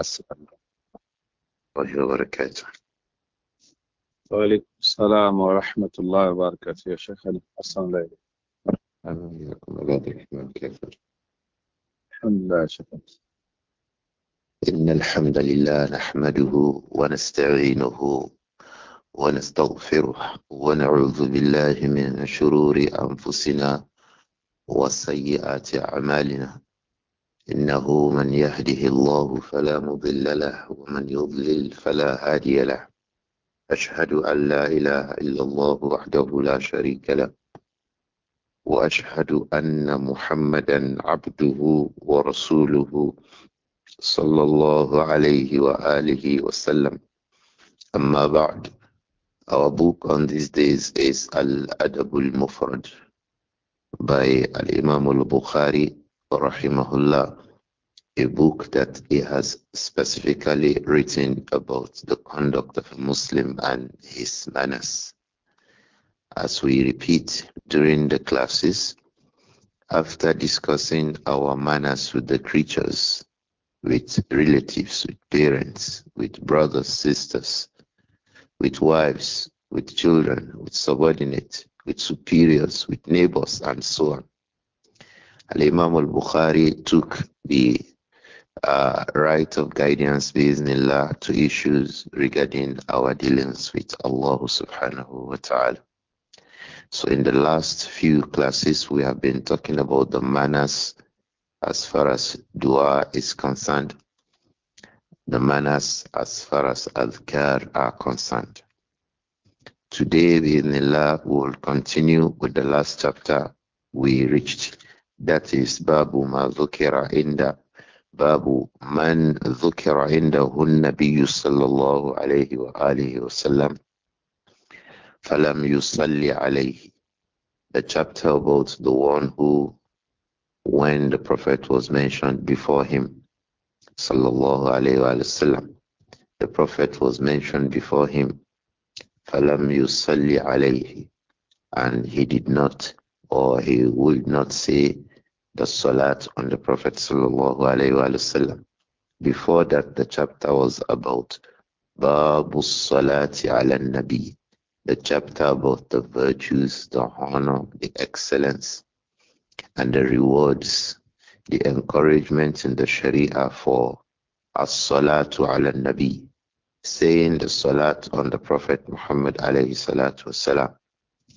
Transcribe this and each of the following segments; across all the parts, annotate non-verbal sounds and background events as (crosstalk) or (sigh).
السلام ورحمة الله وبركاته وعليكم السلام ورحمة الله وبركاته يا شيخ علي حسن ليلى حياكم الله الرحمن كيف الحمد لله شيخ إن الحمد لله نحمده ونستعينه ونستغفره ونعوذ بالله من شرور أنفسنا وسيئات أعمالنا إنه من يهده الله فلا مضل له ومن يضلل فلا هادي له أشهد أن لا إله إلا الله وحده لا شريك له وأشهد أن محمدا عبده ورسوله صلى الله عليه وآله وسلم أما بعد Our book on these days is Al-Adab al-Mufrad by Al-Imam al-Bukhari rahimahullah. a book that he has specifically written about the conduct of a Muslim and his manners. As we repeat during the classes, after discussing our manners with the creatures, with relatives, with parents, with brothers, sisters, with wives, with children, with subordinates, with superiors, with neighbors, and so on. Al Imam al Bukhari took the uh, right of guidance biznillah to issues regarding our dealings with Allah subhanahu wa ta'ala. So in the last few classes we have been talking about the manners as far as dua is concerned, the manners as far as adhkar are concerned. Today biznillah we will continue with the last chapter we reached. That is Babu Mazukira Inda باب من ذكر عنده النبي صلى الله عليه وآله وسلم فلم يصلي عليه the chapter about the one who when the prophet was mentioned before him sallallahu alayhi wa sallam, the prophet was mentioned before him falam yusalli alayhi and he did not or he would not say the salat on the Prophet sallallahu wasallam. Before that, the chapter was about Babu salati ala nabi, the chapter about the virtues, the honor, the excellence, and the rewards, the encouragement in the Sharia for as-salatu ala nabi, saying the salat on the Prophet Muhammad alayhi salatu wasalam.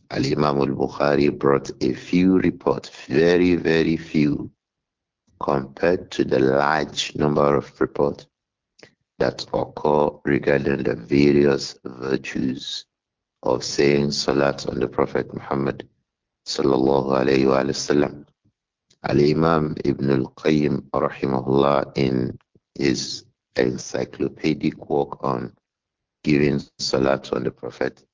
Al Imam al Bukhari brought a few reports, very, very few, compared to the large number of reports that occur regarding the various virtues of saying salat on the Prophet Muhammad sallallahu alayhi Al-Imam Ibn al-Qayyim rahimahullah in his encyclopedic work on giving salat on the Prophet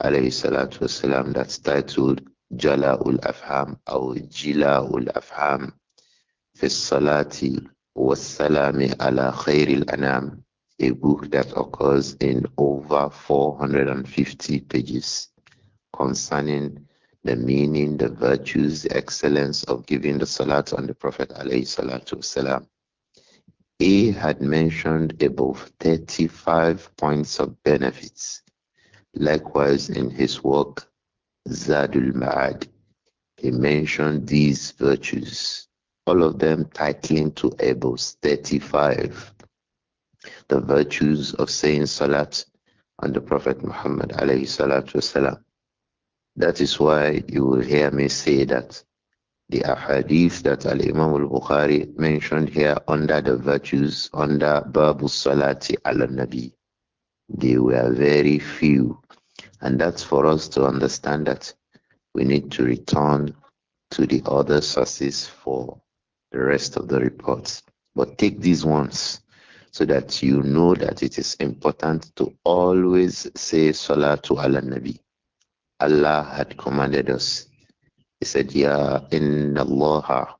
alayhi salatu wasalam, that's titled Jala'ul Afham or Jila'ul Afham fi Salati wassalami ala khairil anam, a book that occurs in over 450 pages concerning the meaning, the virtues, the excellence of giving the salat on the Prophet alayhi salatu wasalam. He had mentioned above 35 points of benefits Likewise, in his work, Zadul Ma'ad, he mentioned these virtues, all of them titling to Abel's 35. The virtues of saying Salat on the Prophet Muhammad alayhi salatu That is why you will hear me say that the ahadith that Al Imam al Bukhari mentioned here under the virtues under Babu Salati al Nabi, they were very few. And that's for us to understand that we need to return to the other sources for the rest of the reports. But take these ones so that you know that it is important to always say to Allah Nabi. Allah had commanded us. He said, Ya inna Allah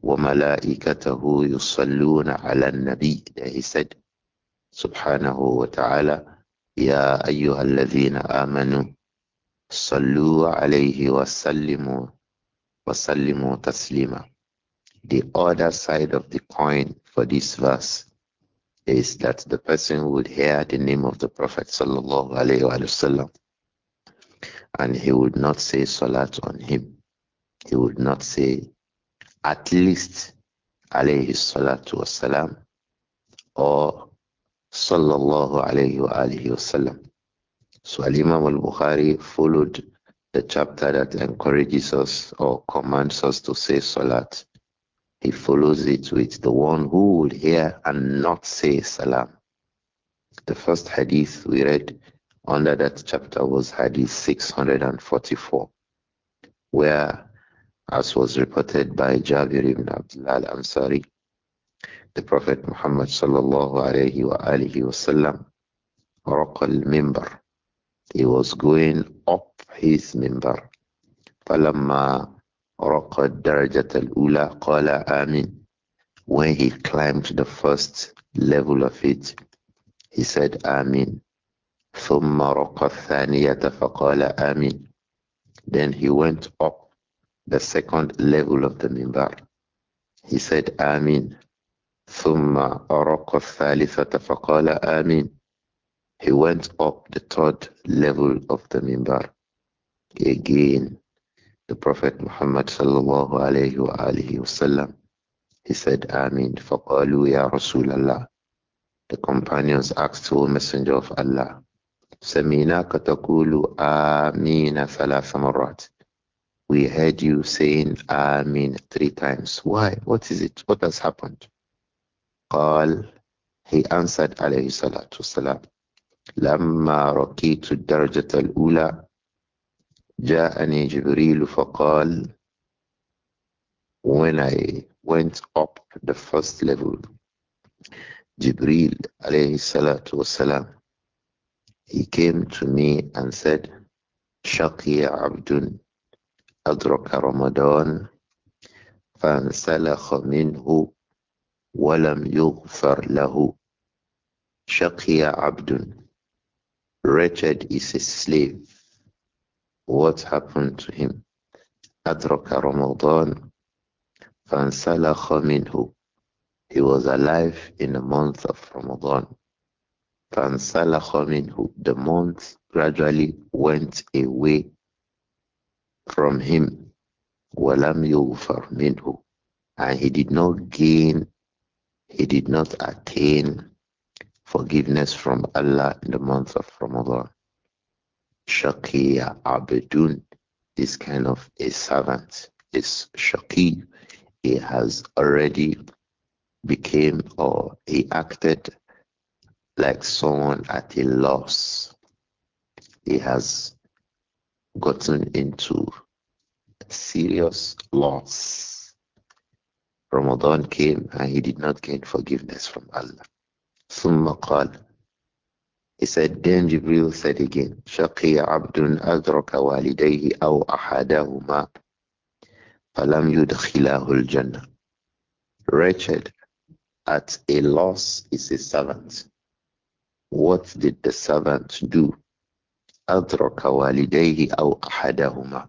wa malaikatahu yusalluna ala Nabi. He said, Subhanahu wa ta'ala, يا أيها الذين آمنوا صلوا عليه وسلموا وسلموا تسليما The other side of the coin for this verse is that the person would hear the name of the Prophet sallallahu alaihi wasallam and he would not say salat on him. He would not say at least alayhi salatu wasalam or sallallahu alayhi wa alihi wasallam. So Al Imam al Bukhari followed the chapter that encourages us or commands us to say salat. He follows it with the one who will hear and not say salam. The first hadith we read under that chapter was hadith 644, where, as was reported by Jabir ibn Abdullah al Ansari, the Prophet Muhammad sallallahu alayhi wa alihi wasallam raqal mimbar. He was going up his mimbar. فَلَمَّا رَقَ الدَّرَجَةَ الْأُولَى قَالَ آمِينَ When he climbed the first level of it, he said آمين. ثُمَّ رَقَ الثَّانِيَةَ فَقَالَ آمين. Then he went up the second level of the mimbar. He said Amin. ثم أرق الثالثة فقال آمين He went up the third level of the minbar. Again, the Prophet Muhammad sallallahu alayhi wa alihi wasallam, he said, Ameen. فَقَالُوا يَا رَسُولَ اللَّهِ The companions asked, O Messenger of Allah, تَقُولُ آمِينَ ثَلَاثَ مَرَّاتٍ We heard you saying Amin three times. Why? What is it? What has happened? He answered عليه الصلاة والسلام لما رقيت الدرجة الأولى جاءني جبريل فقال When I went up the first level Jibril alayhi salatu wasalam, he came to me and said, Shaqi Abdun Adraka Ramadan fansalakha minhu وَلَمْ يُغْفَرْ لَهُ شَقِيَ عَبْدٌ Wretched is a slave. What happened to him? أَدْرَكَ رَمَضَانَ فَانْسَلَخَ مِنْهُ He was alive in the month of Ramadan. فَانْسَلَخَ مِنْهُ The month gradually went away from him. وَلَمْ يُغْفَرْ مِنْهُ And he did not gain he did not attain forgiveness from Allah in the month of Ramadan. Shakiya Abedun, this kind of a servant, is Shaki. He has already became or he acted like someone at a loss. He has gotten into serious loss Ramadan came and he did not gain forgiveness from Allah. Summa qal. He said, then Jibril said again, Shaqiya abdun adraka walidayhi aw ahadahuma falam yudkhilahu al Wretched, at a loss is a servant. What did the servant do? Adraka walidayhi aw ahadahuma.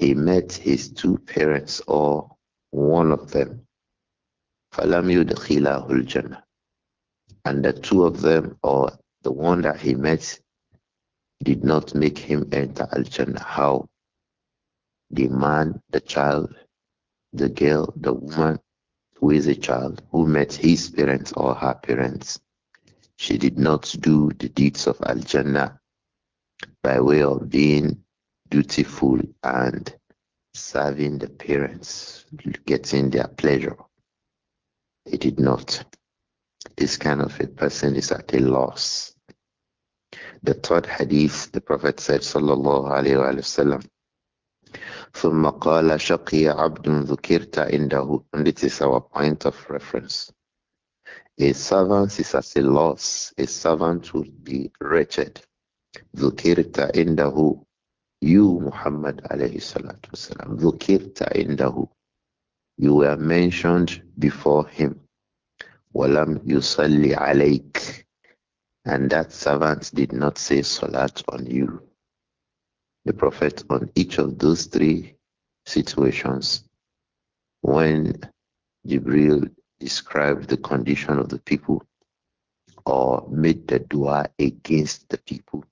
He met his two parents or one of them. فَلَمْ يُدْخِلَهُ الْجَنَّةِ And the two of them, or the one that he met, did not make him enter Al-Jannah. How? The man, the child, the girl, the woman who is a child, who met his parents or her parents, she did not do the deeds of Al Jannah by way of being dutiful and serving the parents, getting their pleasure. He did not. This kind of a person is at a loss. The third hadith, the Prophet said, Sallallahu Alaihi Wasallam, ثم قال شقي عبد ذكرت عنده and this is our point of reference a servant is as a loss a servant would be wretched ذكرت عنده you, Muhammad alayhi salatu wasalam, dhukirta indahu. You were mentioned before him. Walam yusalli alayk. And that servant did not say salat on you. The Prophet on each of those three situations, when Jibril described the condition of the people or made the dua against the people,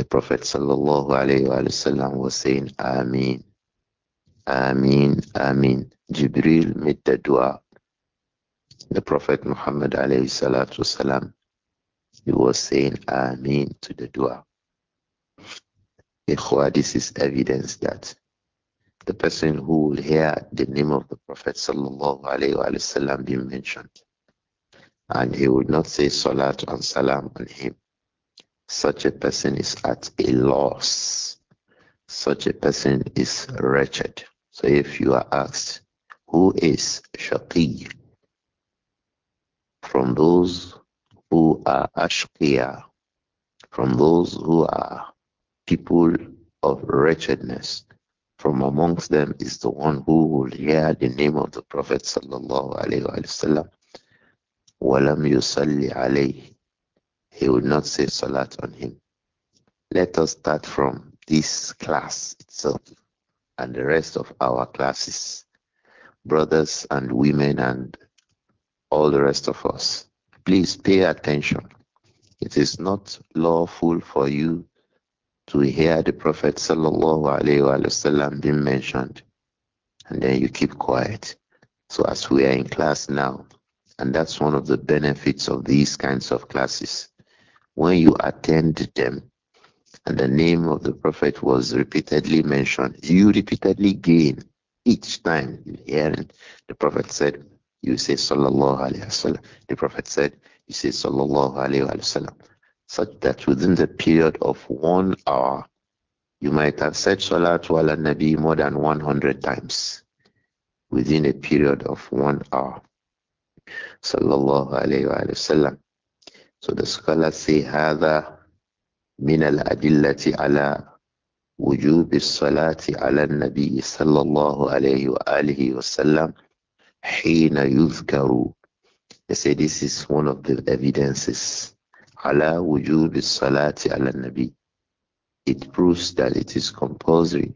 the Prophet sallallahu wasallam was saying, Amin, Amin." Ameen. Jibril made the dua. The Prophet Muhammad wasallam, he was saying "Amin" to the dua. This is evidence that the person who will hear the name of the Prophet sallallahu wasallam being mentioned, and he would not say Salat and Salam on him such a person is at a loss. Such a person is wretched. So if you are asked, who is Shaqi? From those who are Ashqiya, from those who are people of wretchedness, from amongst them is the one who will hear the name of the Prophet sallallahu alayhi wasallam, walam yusalli alayhi, he would not say salat on him. Let us start from this class itself and the rest of our classes, brothers and women and all the rest of us. Please pay attention. It is not lawful for you to hear the Prophet sallallahu alaihi wasallam being mentioned, and then you keep quiet. So as we are in class now, and that's one of the benefits of these kinds of classes when you attend them. And the name of the Prophet was repeatedly mentioned. You repeatedly gain each time you hear it. the Prophet said, you say Sallallahu Alaihi Wasallam. The Prophet said, you say Sallallahu Alaihi Wasallam. Such that within the period of one hour, you might have said Salatu ala Nabi more than 100 times within a period of one hour. Sallallahu Alaihi Wasallam. So the scholars say هذا من الأدلة على وجوب الصلاة على النبي صلى الله عليه وآله وسلم حين يذكر They say this is one of the evidences على وجوب الصلاة على النبي It proves that it is compulsory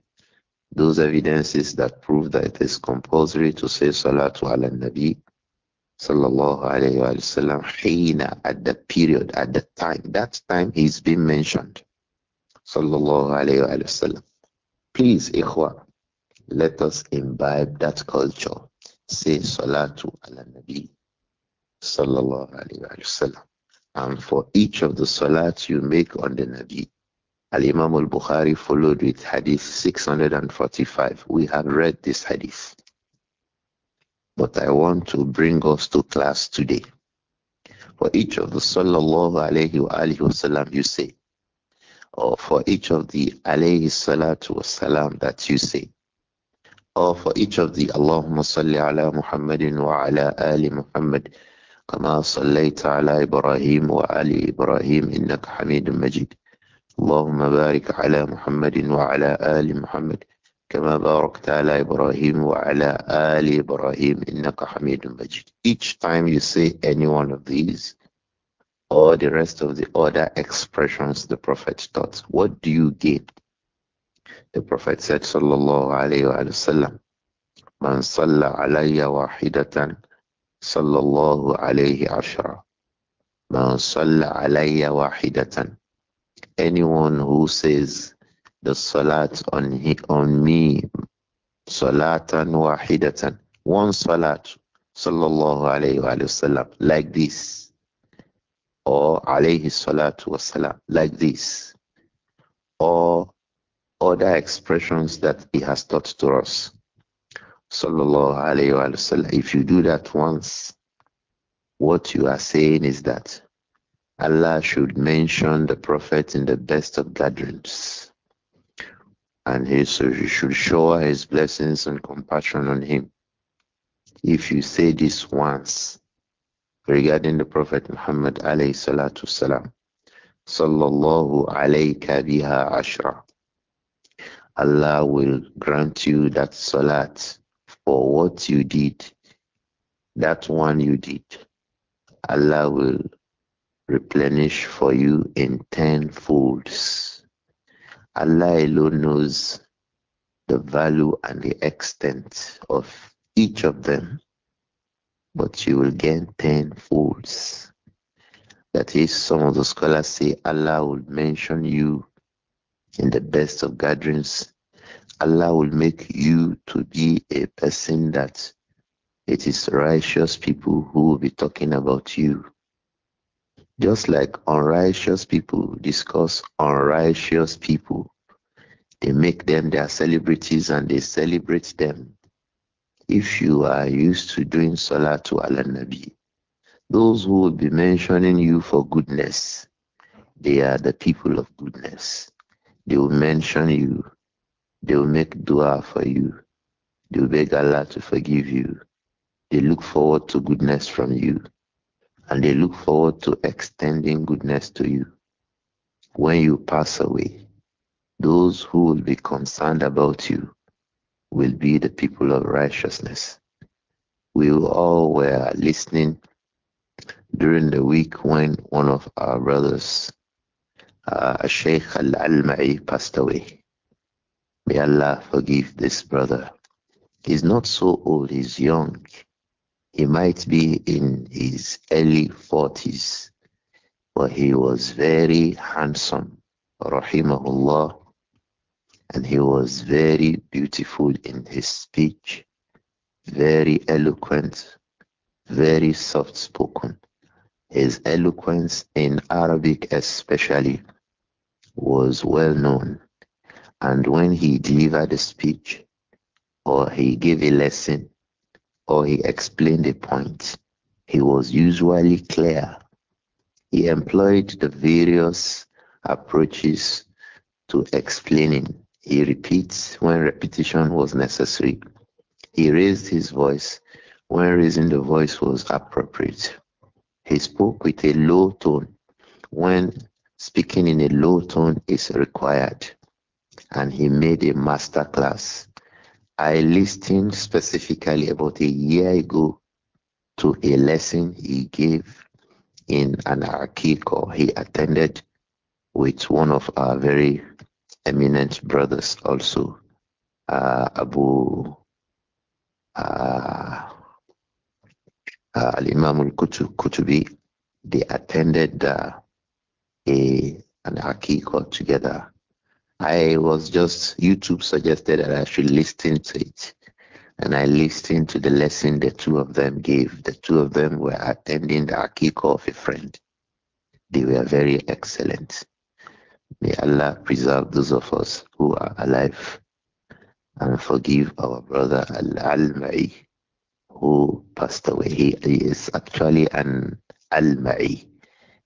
Those evidences that prove that it is compulsory to say Salatu ala Nabi sallallahu alayhi wasallam hina at the period at the time that time he's been mentioned sallallahu alayhi wasallam please ikhwa let us imbibe that culture say salatu ala nabi sallallahu alayhi wasallam and for each of the salats you make on the nabi al-imam al-bukhari followed with hadith 645 we have read this hadith but I want to bring us to class today. For each of the sallallahu alayhi wa alayhi wasalam you say, or for each of the alayhi salatu wasalam that you say, or for each of the Allahumma salli ala Muhammadin wa ala ali Muhammad, كما Ibrahim wa إبراهيم Ibrahim إبراهيم إنك Majid. Allahumma Barik بارك على wa Ala Ali Muhammad. كما باركت على إبراهيم وعلى آل إبراهيم إنك حميد مجيد Each time you say any one of these or the rest of the other expressions the Prophet taught, what do you gain? The Prophet said sallallahu alayhi Wasallam." sallam من صلى علي واحدة صلى الله عليه عشرة من صلى علي واحدة Anyone who says the salat on, he, on me, salatan wahidatan, one salat, sallallahu alayhi wa sallam, like this, or alayhi salatu wa salam, like this, or other expressions that he has taught to us. Sallallahu alayhi wa sallam. If you do that once, what you are saying is that Allah should mention the Prophet in the best of gatherings and he so you should shower his blessings and compassion on him. If you say this once regarding the Prophet Muhammad alayhi salatu salam, sallallahu alayka biha ashra. Allah will grant you that salat for what you did, that one you did. Allah will replenish for you in ten folds. Allah alone knows the value and the extent of each of them, but you will gain ten folds. That is, some of the scholars say Allah will mention you in the best of gatherings. Allah will make you to be a person that it is righteous people who will be talking about you. Just like unrighteous people discuss unrighteous people, they make them their celebrities and they celebrate them. If you are used to doing salah to Allah Nabi, those who will be mentioning you for goodness, they are the people of goodness. They will mention you, they will make dua for you, they will beg Allah to forgive you, they look forward to goodness from you and they look forward to extending goodness to you when you pass away. Those who will be concerned about you will be the people of righteousness. We all were listening during the week when one of our brothers, uh, Sheikh Al Alma'i, passed away. May Allah forgive this brother. He's not so old, he's young. He might be in his early 40s, but he was very handsome, rahimahullah, and he was very beautiful in his speech, very eloquent, very soft spoken. His eloquence in Arabic, especially, was well known. And when he delivered a speech or he gave a lesson, or he explained a point, he was usually clear. He employed the various approaches to explaining. He repeats when repetition was necessary. He raised his voice when raising the voice was appropriate. He spoke with a low tone when speaking in a low tone is required. And he made a master class I listened specifically about a year ago to a lesson he gave in an Akiko he attended with one of our very eminent brothers also, uh, Abu uh, uh, Al-Imam al-Kutubi. They attended uh, a, an Akiko together I was just, YouTube suggested that I should listen to it. And I listened to the lesson the two of them gave. The two of them were attending the Akiko of a friend. They were very excellent. May Allah preserve those of us who are alive and forgive our brother Al mai who passed away. He is actually an Al-Mai.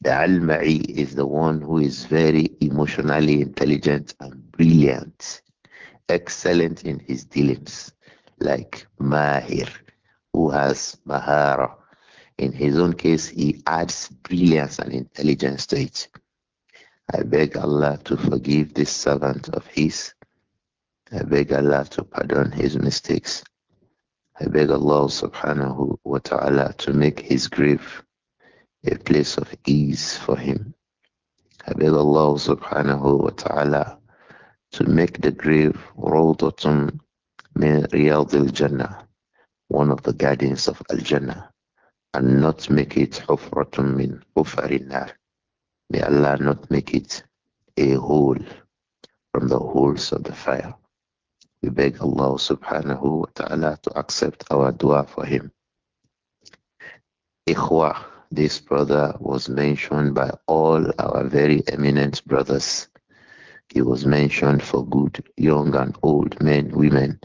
The Almari is the one who is very emotionally intelligent and brilliant, excellent in his dealings, like Mahir, who has Mahara. In his own case, he adds brilliance and intelligence to it. I beg Allah to forgive this servant of his. I beg Allah to pardon his mistakes. I beg Allah subhanahu wa ta'ala to make his grave a place of ease for him. I beg Allah subhanahu wa ta'ala to make the grave Rawdatun min Riyadh al-Jannah, one of the gardens of Al-Jannah, and not make it Hufratun min Hufarinar. May Allah not make it a hole from the holes of the fire. We beg Allah subhanahu wa ta'ala to accept our dua for him. Ikhwah, this brother was mentioned by all our very eminent brothers. He was mentioned for good. Young and old men, women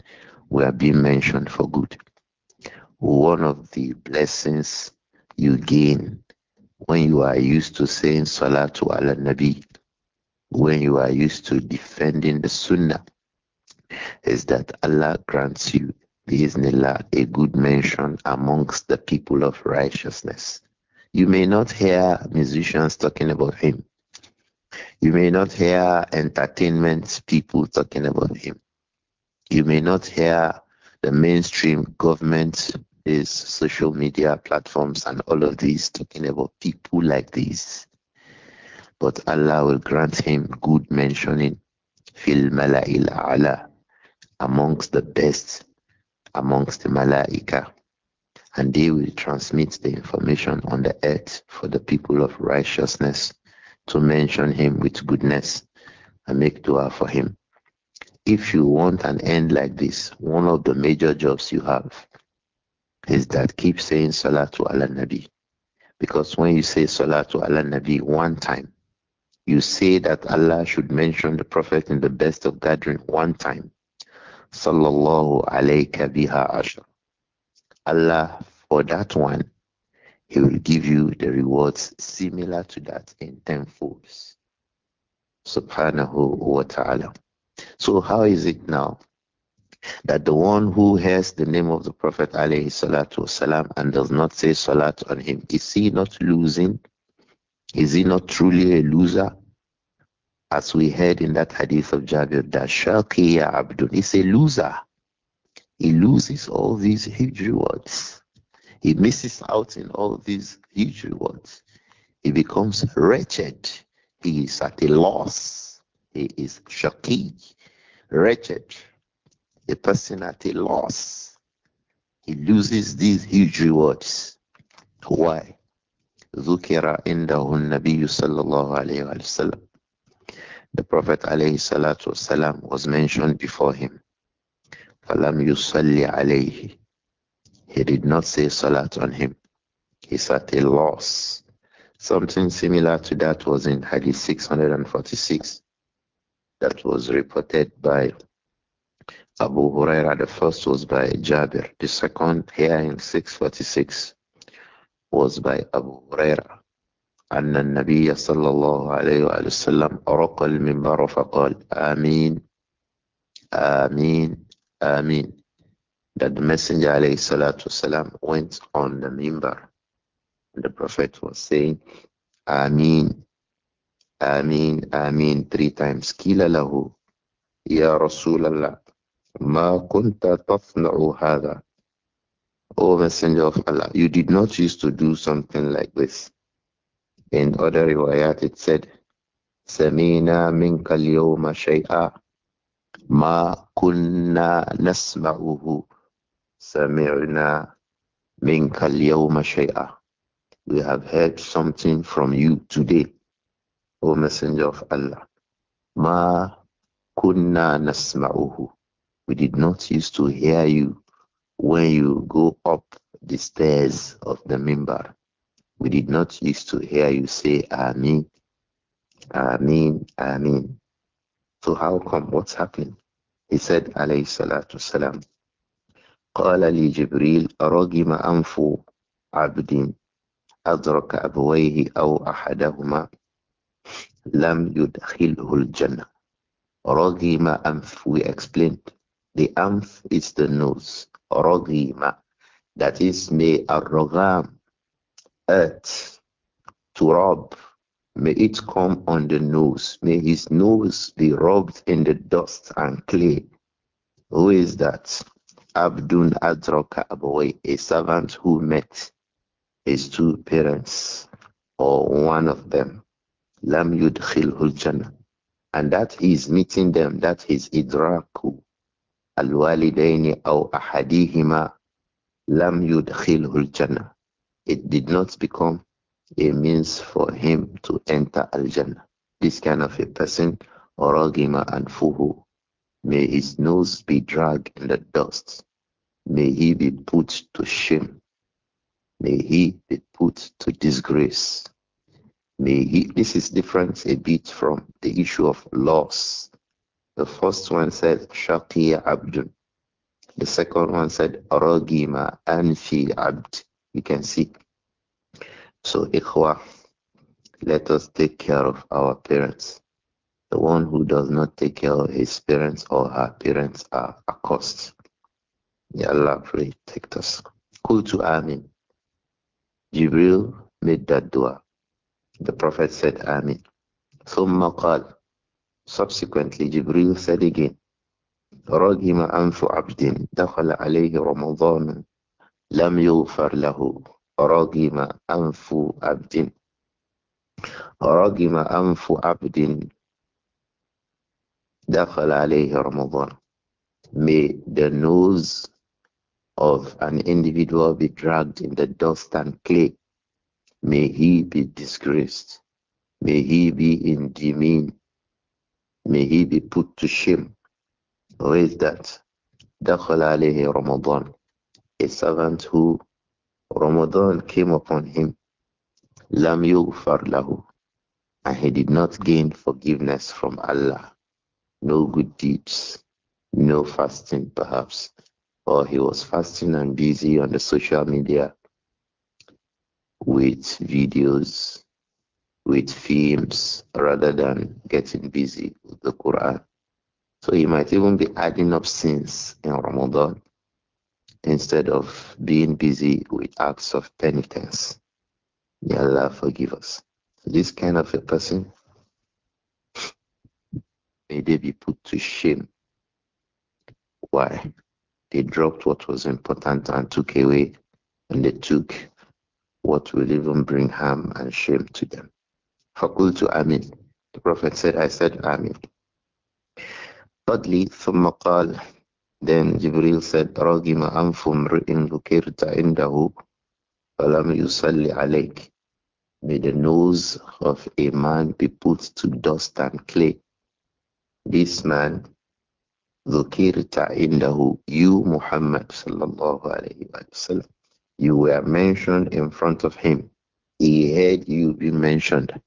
were being mentioned for good. One of the blessings you gain when you are used to saying Salatu ala Nabi, when you are used to defending the Sunnah, is that Allah grants you, Bismillah, a good mention amongst the people of righteousness. You may not hear musicians talking about him. You may not hear entertainment people talking about him. You may not hear the mainstream government, these social media platforms, and all of these talking about people like this. But Allah will grant him good mentioning fil mala'il ala amongst the best amongst the malaika and they will transmit the information on the earth for the people of righteousness to mention him with goodness and make dua for him. If you want an end like this, one of the major jobs you have is that keep saying Salatu ala Nabi. Because when you say Salatu ala Nabi one time, you say that Allah should mention the Prophet in the best of gathering one time. Sallallahu alayka biha ashra Allah for that one, He will give you the rewards similar to that in tenfolds. Subhanahu wa ta'ala. So, how is it now that the one who hears the name of the Prophet alayhi and does not say salat on him, is he not losing? Is he not truly a loser? As we heard in that hadith of Jabir, that Shalkiya Abdul is a loser he loses all these huge rewards. He misses out in all these huge rewards. He becomes wretched. He is at a loss. He is shaky, wretched, a person at a loss. He loses these huge rewards. Why? ذكر عنده النبي صلى الله عليه وسلم. The Prophet والسلام was mentioned before him. فَلَمْ يُصَلِّ عَلَيْهِ He did not say salat on him. He's at a loss. Something similar to that was in Hadith 646 that was reported by Abu Huraira. The first was by Jabir. The second here in 646 was by Abu Huraira. أن النبي صلى الله عليه وآله وسلم أرق المنبر فقال آمين آمين Ameen. That the Messenger والسلام, went on the mimbar. The Prophet was saying, Ameen, Ameen, Ameen, three times. Kila lahu, Ya Rasulallah, ma kunta tafna'u hadha. O Messenger of Allah, you did not used to do something like this. In other riwayat, it said, Samina minka al-yawma shay'a ما كنا نسمعه سمعنا منك اليوم شيئا We have heard something from you today, O Messenger of Allah. ما كنا نسمعه We did not used to hear you when you go up the stairs of the mimbar. We did not used to hear you say Amin, Amin, Amin. So how come? What's happening? He said, alayhi salatu salam, قال لي جبريل رغم أنف عبد أدرك أبويه أو أحدهما لم يدخله الجنة رغم أنف we explained the أنف is the nose رغم that is may الرغام earth to rob May it come on the nose. May his nose be rubbed in the dust and clay. Who is that? Abdun Adroka boy, a servant who met his two parents or one of them. Lam Yudkhilhul Jannah. And that he is meeting them, that is idraku. Al-walidaini aw ahadihima lam yudkhilhul jannah. It did not become a means for him to enter Al Jannah. This kind of a person, Oragima and Fuhu, may his nose be dragged in the dust. May he be put to shame. May he be put to disgrace. May he, this is different a bit from the issue of loss. The first one said shakir Abdun. The second one said Aragima Anfi Abd. You can see so, ikhwa, let us take care of our parents. The one who does not take care of his parents or her parents are accursed. May Allah protect us. to Amin. Jibril made that dua. The Prophet said Amin. So qal. Subsequently, Jibril said again, رَغِمَ أَنْفُ عَبْدٍ دَخَلَ عَلَيْهِ رَمَضَانٌ لَمْ يُغْفَرْ لَهُ رَغِمَ أَنفُ عَبْدٍ رَغِمَ أَنفُ عَبْدٍ دَخَلَ عَلَيْهِ رَمَضَانَ May the nose of an individual be dragged in the dust and clay. May he be disgraced. May he be in demean. May he be put to shame. Where is that? دخل عليه رمضان. A servant who Ramadan came upon him, Lam yughfar lahu, and he did not gain forgiveness from Allah. No good deeds, no fasting perhaps, or he was fasting and busy on the social media with videos, with films, rather than getting busy with the Quran. So he might even be adding up sins in Ramadan instead of being busy with acts of penitence. May Allah forgive us. This kind of a person, may they be put to shame. Why? They dropped what was important and took away, and they took what will even bring harm and shame to them. to Amin. The Prophet said, I said Amin. Thirdly, ثم قال then Jibril said, Ragima anfum ri'in lukirta indahu falam yusalli alayk. May the nose of a man be put to dust and clay. This man, Zukirta indahu, you Muhammad sallallahu alayhi wa sallam, you were mentioned in front of him. He heard you be mentioned.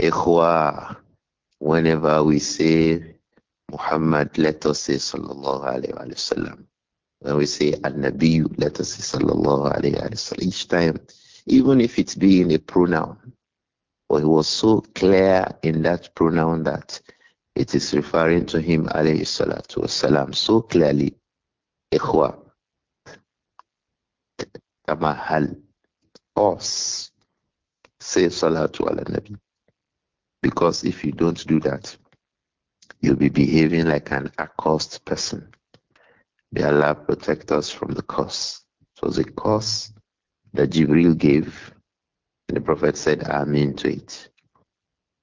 Ikhwa, whenever we say Muhammad, let us say sallallahu alayhi wa sallam. When we say al-Nabi, let us say sallallahu alayhi wa sallam. Each time, even if it be in a pronoun, but he was so clear in that pronoun that it is referring to him alayhi salatu wasalam so clearly ikhwa tamahal us say salatu ala nabi because if you don't do that You'll be behaving like an accursed person. May Allah protect us from the curse. It was a curse that Jibril gave, and the Prophet said Amen to it.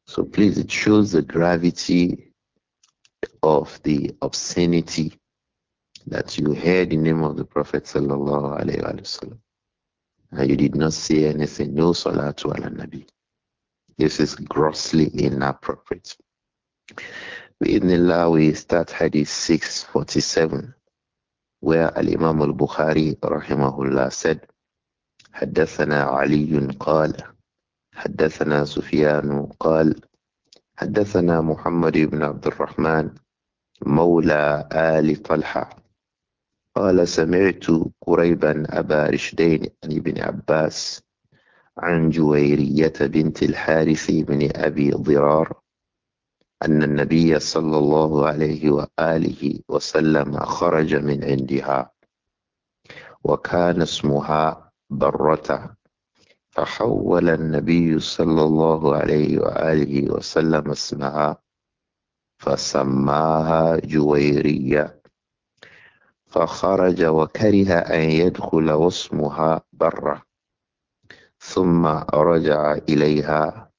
So please, it shows the gravity of the obscenity that you heard the name of the Prophet sallallahu wasallam, and you did not say anything. No to ala nabi. This is grossly inappropriate. بإذن الله we start Hadith 647, where Al-Imam al-Bukhari, rahimahullah, said, حدثنا علي قال حدثنا سفيان قال حدثنا محمد بن عبد الرحمن مولى آل طلحة قال سمعت قريبا أبا رشدين عن ابن عباس عن جويرية بنت الحارث بن أبي ضرار أن النبي صلى الله عليه وآله وسلم خرج من عندها وكان اسمها برة فحول النبي صلى الله عليه وآله وسلم اسمها فسماها جويرية فخرج وكره أن يدخل واسمها برة ثم رجع إليها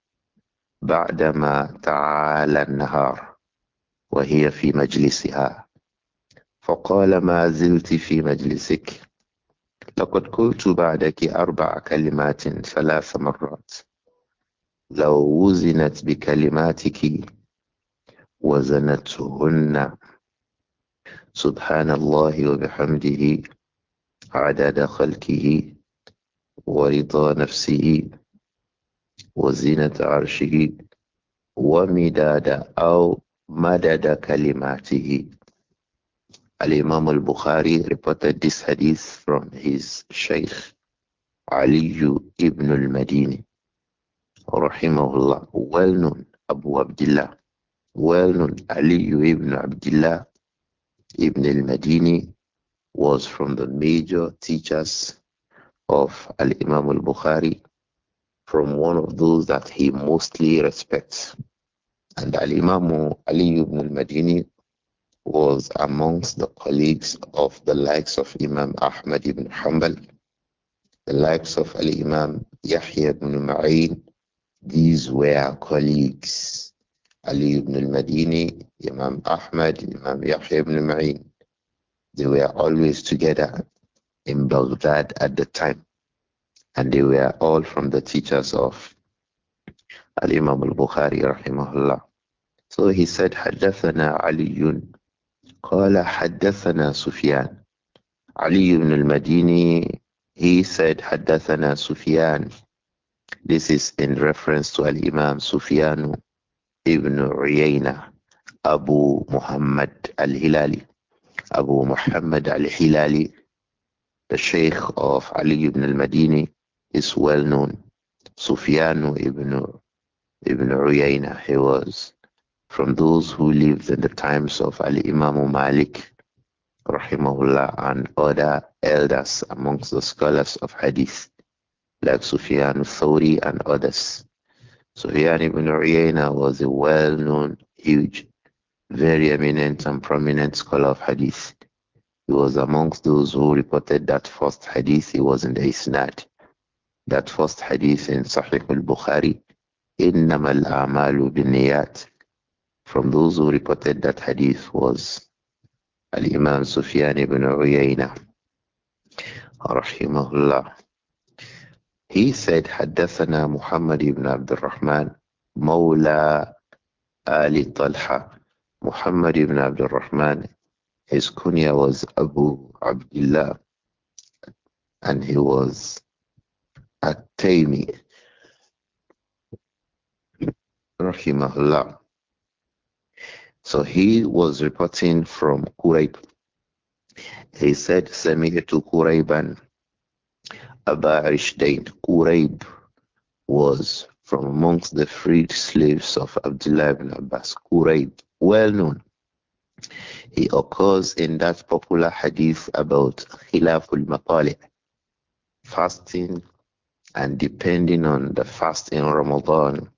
بعدما تعالى النهار وهي في مجلسها فقال ما زلت في مجلسك لقد قلت بعدك أربع كلمات ثلاث مرات لو وزنت بكلماتك وزنتهن سبحان الله وبحمده عدد خلقه ورضا نفسه وزينة عرشه ومداد أو مدد كلماته Al-Imam al-Bukhari reported this hadith from his Shaykh Ali ibn al-Madini rahimahullah well known Abu Abdullah well known Ali ibn Abdullah ibn al-Madini was from the major teachers of Al-Imam al-Bukhari from one of those that he mostly respects. And Al Imam Ali ibn al Madini was amongst the colleagues of the likes of Imam Ahmad ibn Hanbal, the likes of Al Imam Yahya ibn Ma'in. These were colleagues. Ali ibn al Madini, Imam Ahmad, Imam Yahya ibn Ma'in. They were always together in Baghdad at the time and they were all from the teachers of Al-Imam al-Bukhari rahimahullah. So he said, Yun, علي قال Sufyan." Ali Ibn Al Madini. he said حدثنا Sufyan." this is in reference to al-Imam Sufyan ibn Uyayna Abu Muhammad al-Hilali Abu Muhammad al-Hilali the Sheikh of Ali ibn al-Madini is well known. Sufyan ibn, ibn Uyayna, he was from those who lived in the times of Ali Imam Malik, rahimahullah, and other elders amongst the scholars of hadith, like Sufyan Thawri and others. Sufyan ibn Uyayna was a well-known, huge, very eminent and prominent scholar of hadith. He was amongst those who reported that first hadith, he was in the Isnad that first hadith in Sahih al-Bukhari, إِنَّمَا الْأَعْمَالُ بِالنِّيَّاتِ From those who reported that hadith was Al-Imam Sufyan ibn Uyayna, rahimahullah. He said, حدثنا Muhammad ibn عبد rahman مولى Ali Talha. Muhammad ibn Abdul Rahman, his kunya was Abu Abdullah, and he was at-Taymi rahimahullah. So he was reporting from Quraib. He said, Sami'tu Quraiban Aba Rishdain. Quraib was from amongst the freed slaves of Abdullah ibn Abbas. Quraib, well known. He occurs in that popular hadith about Khilaful Maqali, fasting and depending on the fast in Ramadan,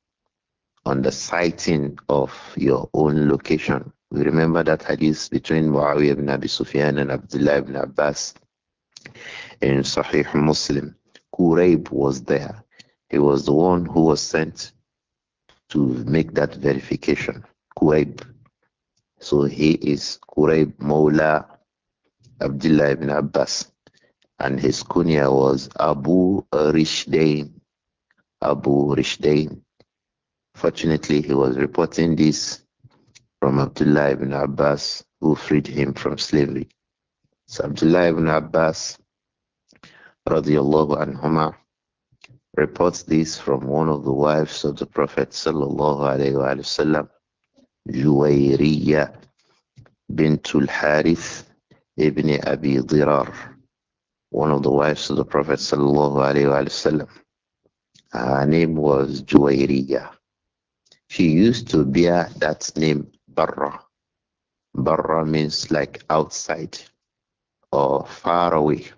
on the sighting of your own location. We remember that hadith between Muawiyah ibn Abi Sufyan and Abdullah ibn Abbas in Sahih Muslim. Quraib was there. He was the one who was sent to make that verification. Quraib. So he is Quraib Mawla Abdullah ibn Abbas and his kunya was Abu Rishdain. Abu Rishdain. Fortunately, he was reporting this from Abdullah ibn Abbas, who freed him from slavery. So Abdullah ibn Abbas, radiallahu anhuma, reports this from one of the wives of the Prophet sallallahu alayhi wa sallam, Juwayriya bintul Harith ibn Abi Dirar one of the wives of the Prophet wasallam. Her name was Juwairiyah. She used to bear that name Barra. Barra means like outside or far away.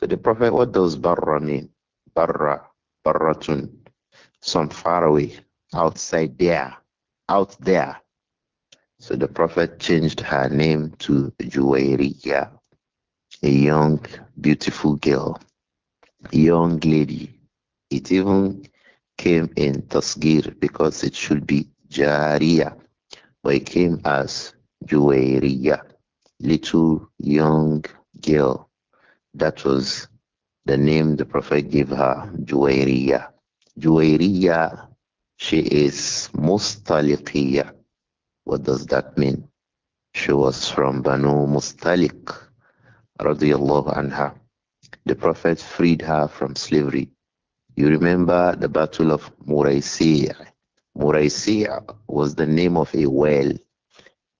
So the Prophet, what does Barra mean? Barra, Barratun, some far away, outside there, out there. So the Prophet changed her name to Juwairiyah a young, beautiful girl, young lady. It even came in Tasgir because it should be Jariya, but it came as Juwairiya, little young girl. That was the name the Prophet gave her, Juwairiya. Juwairiya, she is Mustaliqiyah. What does that mean? She was from Banu Mustaliq radiallahu anha. The Prophet freed her from slavery. You remember the Battle of Muraisiyah. Muraisiyah was the name of a well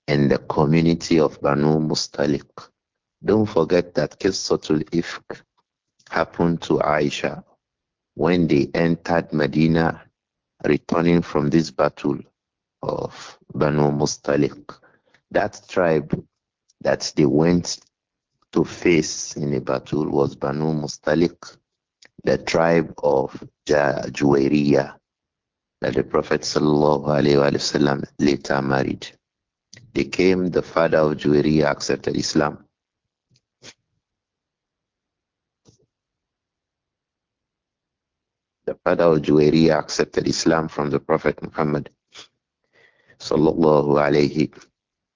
in the community of Banu Mustalik. Don't forget that Kisatul Ifk happened to Aisha when they entered Medina returning from this battle of Banu Mustalik. That tribe that they went to face in a battle was Banu Mustalik, the tribe of Juwairiyah that the Prophet وسلم, later married. They came, the father of Juwairiyah accepted Islam. The father of Juwairiyah accepted Islam from the Prophet Muhammad sallallahu alayhi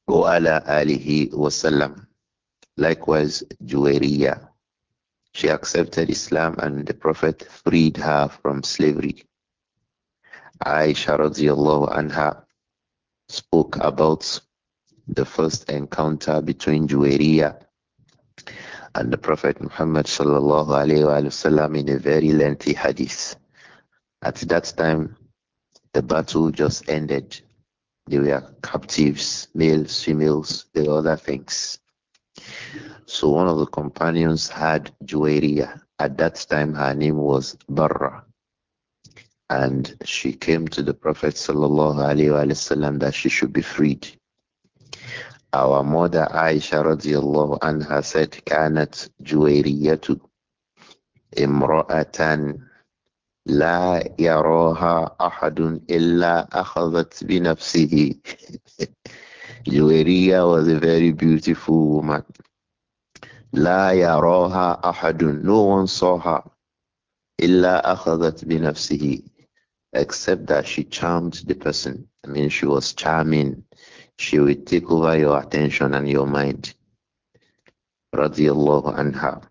wa ala alihi wasallam. Likewise, Juwairiya. She accepted Islam and the Prophet freed her from slavery. Aisha radiallahu anha spoke about the first encounter between Juwairiya and the Prophet Muhammad sallallahu alayhi in a very lengthy hadith. At that time, the battle just ended. They were captives, males, females, the other things. So one of the companions had Juwairiya. At that time, her name was Barra. And she came to the Prophet وسلم, that she should be freed. Our mother Aisha radiallahu anha said, كانت جويرية امرأة لا يراها أحد إلا أخذت بنفسه. Juwairiya was a very beautiful woman. La ahadun. No one saw her. Illa akhadat bi nafsihi. Except that she charmed the person. I mean, she was charming. She would take over your attention and your mind. Radiallahu anha.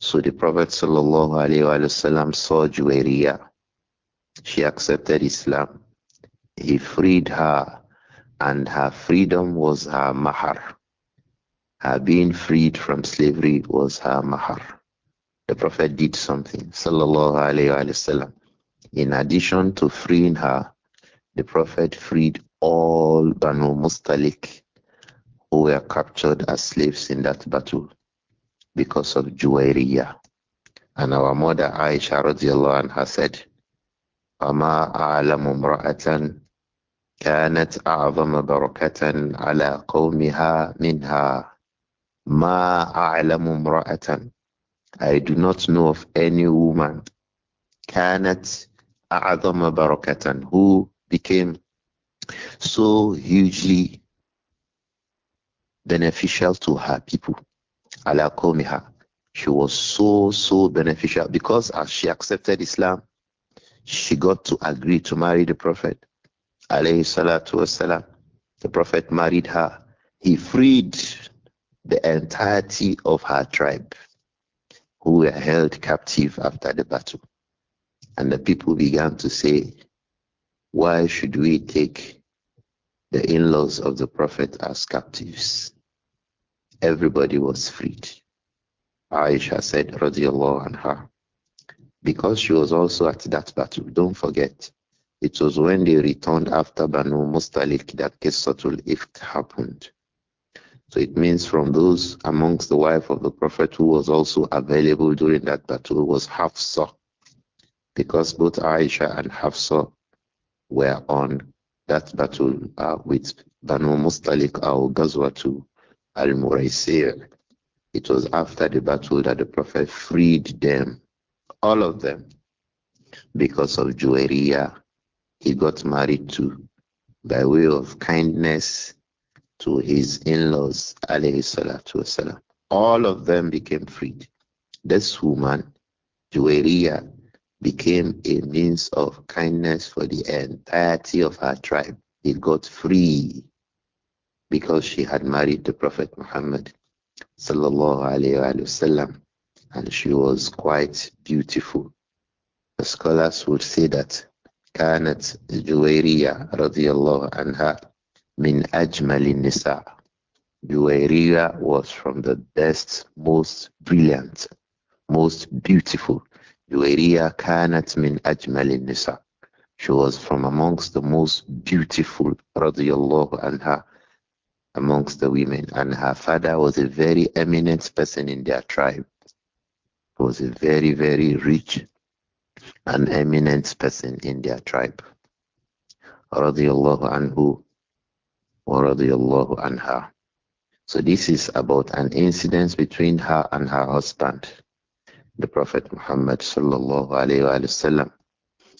So the Prophet sallallahu alaihi wasallam saw Juwairiya. She accepted Islam. He freed her, and her freedom was her mahar her being freed from slavery was her mahar. The Prophet did something, sallallahu alayhi wasallam. In addition to freeing her, the Prophet freed all Banu Mustalik who were captured as slaves in that battle because of Juwairiyah. And our mother Aisha radiallahu anha said, وَمَا أَعْلَمُ امْرَأَةً كانت أعظم بركة على قومها منها Ma I do not know of any woman kanat a'zama barakatan who became so hugely beneficial to her people. Ala qawmiha. She was so so beneficial because as she accepted Islam, she got to agree to marry the Prophet. Alayhi salatu wasalam. The Prophet married her. He freed the entirety of her tribe who were held captive after the battle. And the people began to say, Why should we take the in laws of the Prophet as captives? Everybody was freed. Aisha said, Radiallahu anha, because she was also at that battle. Don't forget, it was when they returned after Banu Mustalik that Kisatul Ifk happened. So it means from those amongst the wife of the Prophet who was also available during that battle was Hafsa, because both Aisha and Hafsa were on that battle uh, with Banu Mustalik al Ghazwatu al Muraysir. It was after the battle that the Prophet freed them, all of them, because of Juwairiya. He got married to by way of kindness to his in-laws, alayhi salatu wasalam. All of them became freed. This woman, Juwairiya, became a means of kindness for the entirety of her tribe. It got free because she had married the Prophet Muhammad sallallahu alayhi wasallam, and she was quite beautiful. The scholars would say that كانت جويرية رضي الله عنها min ajmali nisa. Juwairiya was from the best, most brilliant, most beautiful. Juwairiya kanat min ajmali nisa. She was from amongst the most beautiful, radiyallahu anha, amongst the women. And her father was a very eminent person in their tribe. He was a very, very rich and eminent person in their tribe. Radiyallahu anhu radiallahu anha. So this is about an incident between her and her husband, the Prophet Muhammad sallallahu alayhi wa sallam.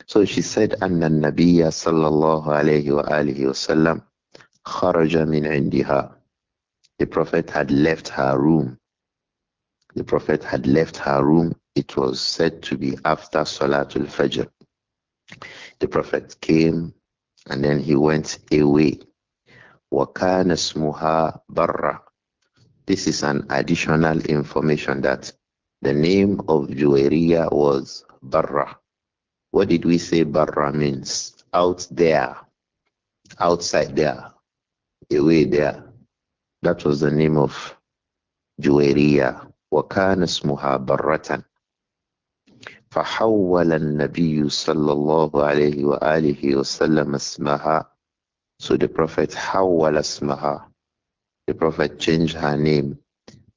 So she said, أن النبي صلى الله عليه وآله وسلم خرج من عندها. The Prophet had left her room. The Prophet had left her room. It was said to be after Salatul Fajr. The Prophet came and then he went away. وَكَانَ اسْمُهَا barra. This is an additional information that the name of Juwairiya was Barra. What did we say Barra means? Out there, outside there, away there. That was the name of Juwairiya. وكان اسمها برة فحول النبي صلى الله عليه وآله وسلم اسمها so the Prophet Hawwal Asmaha. The Prophet changed her name.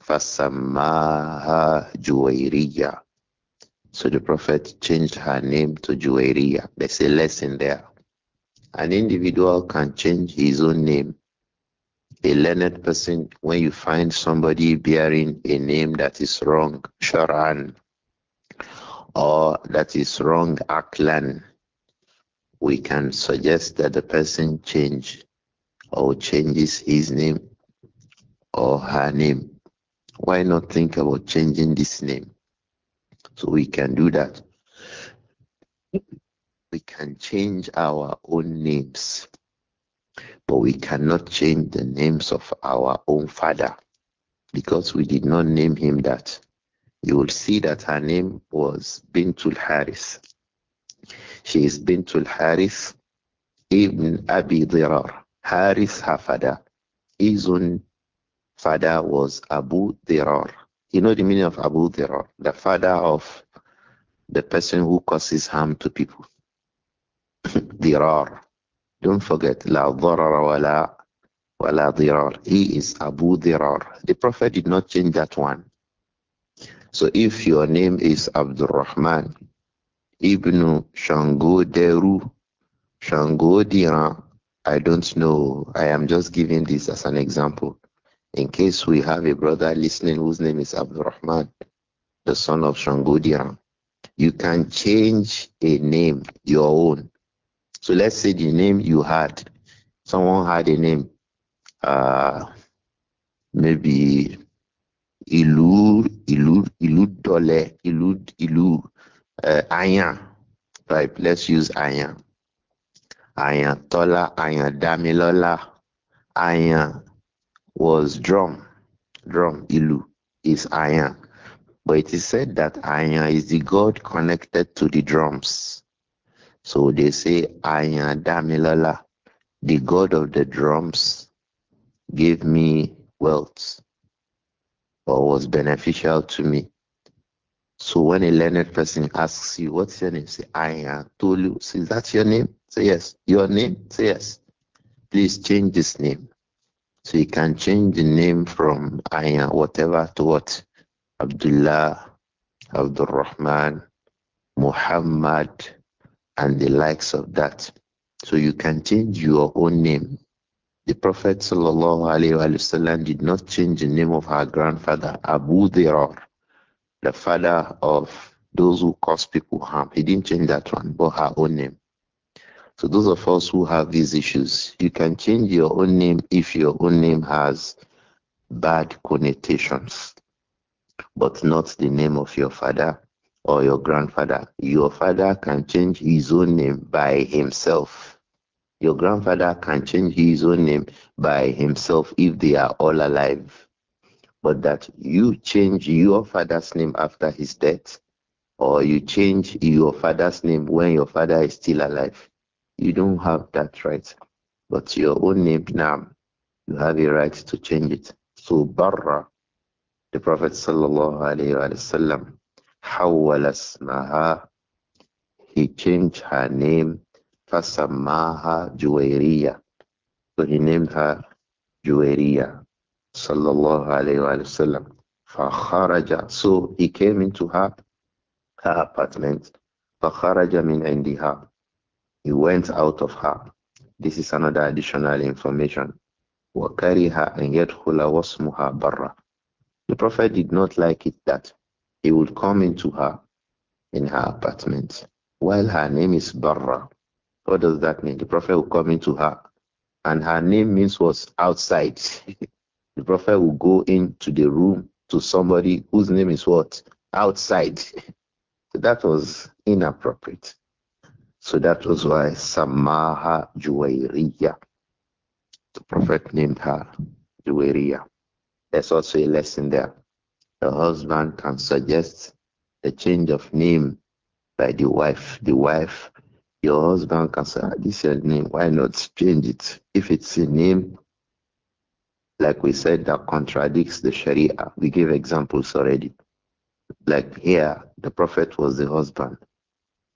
Fasamaha Juwairiya. So the Prophet changed her name to Juwairiya. There's a lesson there. An individual can change his own name. A learned person, when you find somebody bearing a name that is wrong, Sharan, or that is wrong, Aklan, we can suggest that the person change or changes his name or her name. Why not think about changing this name? So we can do that. We can change our own names, but we cannot change the names of our own father because we did not name him that. You will see that her name was Bintul Harris. She is Bintul Harith ibn Abi Dirar. Harith, her father. His own father was Abu Dirar. You know the meaning of Abu Dirar, the father of the person who causes harm to people. (laughs) dirar. Don't forget, la dharara wa la, wa la dirar. He is Abu Dirar. The Prophet did not change that one. So if your name is Abdul Rahman, Ibn Shangoderu, Shangodira, I don't know. I am just giving this as an example. In case we have a brother listening whose name is Abdul Rahman, the son of Shangodira, you can change a name, your own. So let's say the name you had, someone had a name, uh, maybe Ilu, Ilu, Ilu Dole, Ilu, Ilu, uh, Right, let's use ayan. Ayan Tola, Ayan Damilola, Ayan was drum, drum ilu is Ayan. But it is said that Ayan is the god connected to the drums. So they say Ayan Damilola, the god of the drums, gave me wealth or was beneficial to me. So when a learned person asks you, what's your name? Say, I am Tolu. Say, is that your name? Say, yes. Your name? Say, yes. Please change this name. So you can change the name from I am whatever to what? Abdullah, Abdul Rahman, Muhammad, and the likes of that. So you can change your own name. The Prophet ﷺ did not change the name of her grandfather, Abu Dhar the father of those who cause people harm. He didn't change that one, but her own name. So those of us who have these issues, you can change your own name if your own name has bad connotations, but not the name of your father or your grandfather. Your father can change his own name by himself. Your grandfather can change his own name by himself if they are all alive but that you change your father's name after his death, or you change your father's name when your father is still alive. You don't have that right. But your own name now, you have a right to change it. So Barra, the Prophet sallallahu alaihi wasallam, حول he changed her name فسماها جويرية so he named her جويرية sallallahu alayhi wa sallam. فخرج so he came into her her apartment فخرج من عندها he went out of her this is another additional information وكره أن يدخل وصمها برا the prophet did not like it that he would come into her in her apartment while her name is barra what does that mean the prophet would come into her and her name means was outside (laughs) the prophet will go into the room to somebody whose name is what? Outside. (laughs) so that was inappropriate. So that was why Samaha Juwairiya, the prophet named her Juwairiya. There's also a lesson there. The husband can suggest a change of name by the wife. The wife, your husband can say, ah, This is your name, why not change it? If it's a name like we said, that contradicts the Sharia. We gave examples already. Like here, the Prophet was the husband,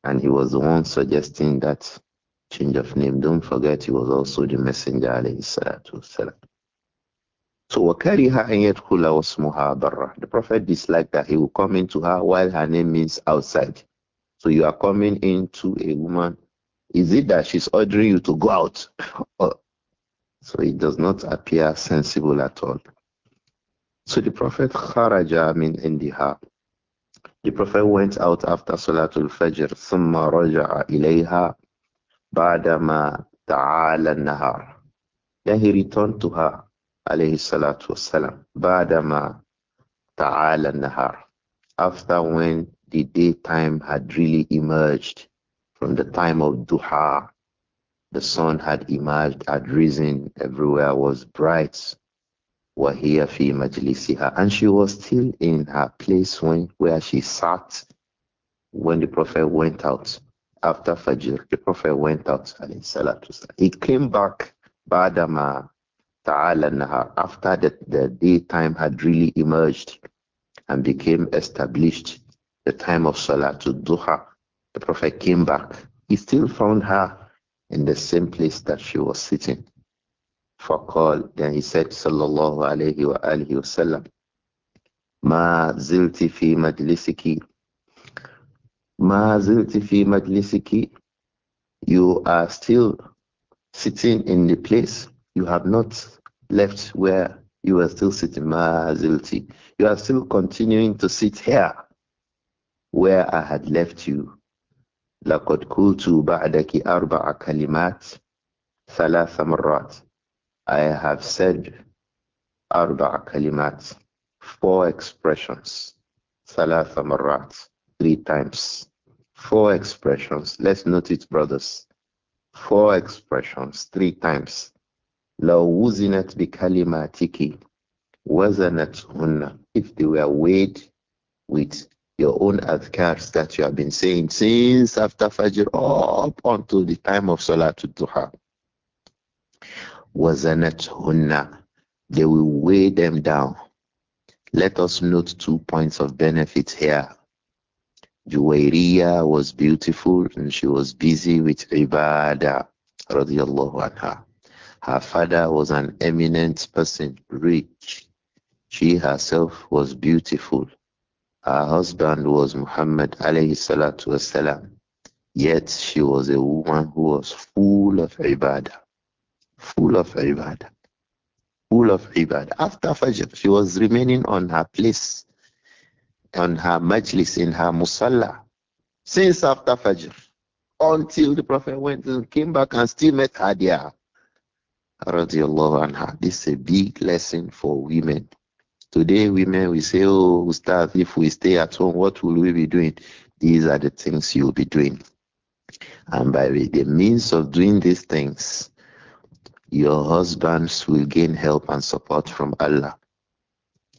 and he was the one suggesting that change of name. Don't forget, he was also the messenger, alayhi salatu wasalam. So, وَكَرِهَا أَنْ يَدْخُلَ وَاسْمُهَا بَرَّةً The Prophet disliked that he would come into her while her name means outside. So you are coming into a woman. Is it that she's ordering you to go out? (laughs) So it does not appear sensible at all. So the Prophet Kharaja min indiha. The Prophet went out after Salatul Fajr, thumma raja'a ilayha ba'dama ta'ala nahar. Then he returned to her, alayhi salatu wasalam, ba'dama ta'ala nahar. After when the daytime had really emerged from the time of duha, the sun had emerged, had risen, everywhere was bright. Wahia fi majlisiha. And she was still in her place when where she sat when the Prophet went out. After Fajr, the Prophet went out. He came back Badama Ta'ala after the, the daytime had really emerged and became established, the time of Salatul Duha, the Prophet came back. He still found her in the same place that she was sitting. فقال then he said صلى الله عليه وآله وسلم ما زلت في مجلسك ما زلت في مجلسك you are still sitting in the place you have not left where you are still sitting ما زلت you are still continuing to sit here where I had left you لقد قلت بعدك أربع كلمات ثلاث مرات I have said أربع كلمات four expressions ثلاث مرات three times four expressions let's note it brothers four expressions three times لو وزنت بكلماتك وزنتهن if they were weighed with your own adhkars that you have been saying since after Fajr up until the time of Salatul Duha. Hunna, They will weigh them down. Let us note two points of benefit here. Juwayriya was beautiful and she was busy with ibadah radiallahu anha. Her father was an eminent person, rich. She herself was beautiful. Her husband was Muhammad alayhi salatu wasalam. Yet she was a woman who was full of ibadah. Full of ibadah. Full of ibadah. After Fajr, she was remaining on her place, on her majlis, in her musalla, since after Fajr, until the Prophet went and came back and still met her there. Radiallahu anha. This is a big lesson for women Today, women, we say, oh, Ustaz, if we stay at home, what will we be doing? These are the things you'll be doing. And by the means of doing these things, your husbands will gain help and support from Allah.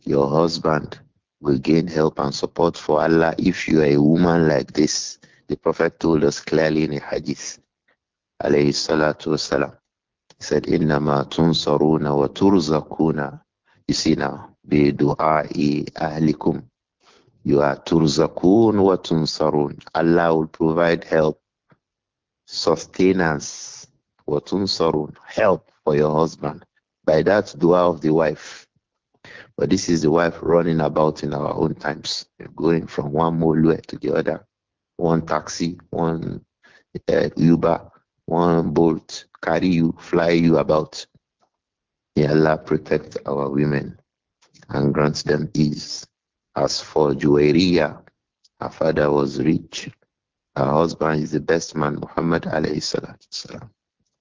Your husband will gain help and support for Allah if you are a woman like this. The Prophet told us clearly in the Hadith, alayhi salatu wasalam. He said, Innama tunsaruna wa turzakuna. You see now, bidu'ai ahlikum. You are turzakun wa Allah will provide help, sustenance, wa help for your husband. By that dua of the wife. But this is the wife running about in our own times, going from one molue to the other, one taxi, one uh, Uber, one bolt, carry you, fly you about. May Allah protect our women and grants them ease. As for Juwairia, her father was rich. Her husband is the best man, Muhammad alayhi salatu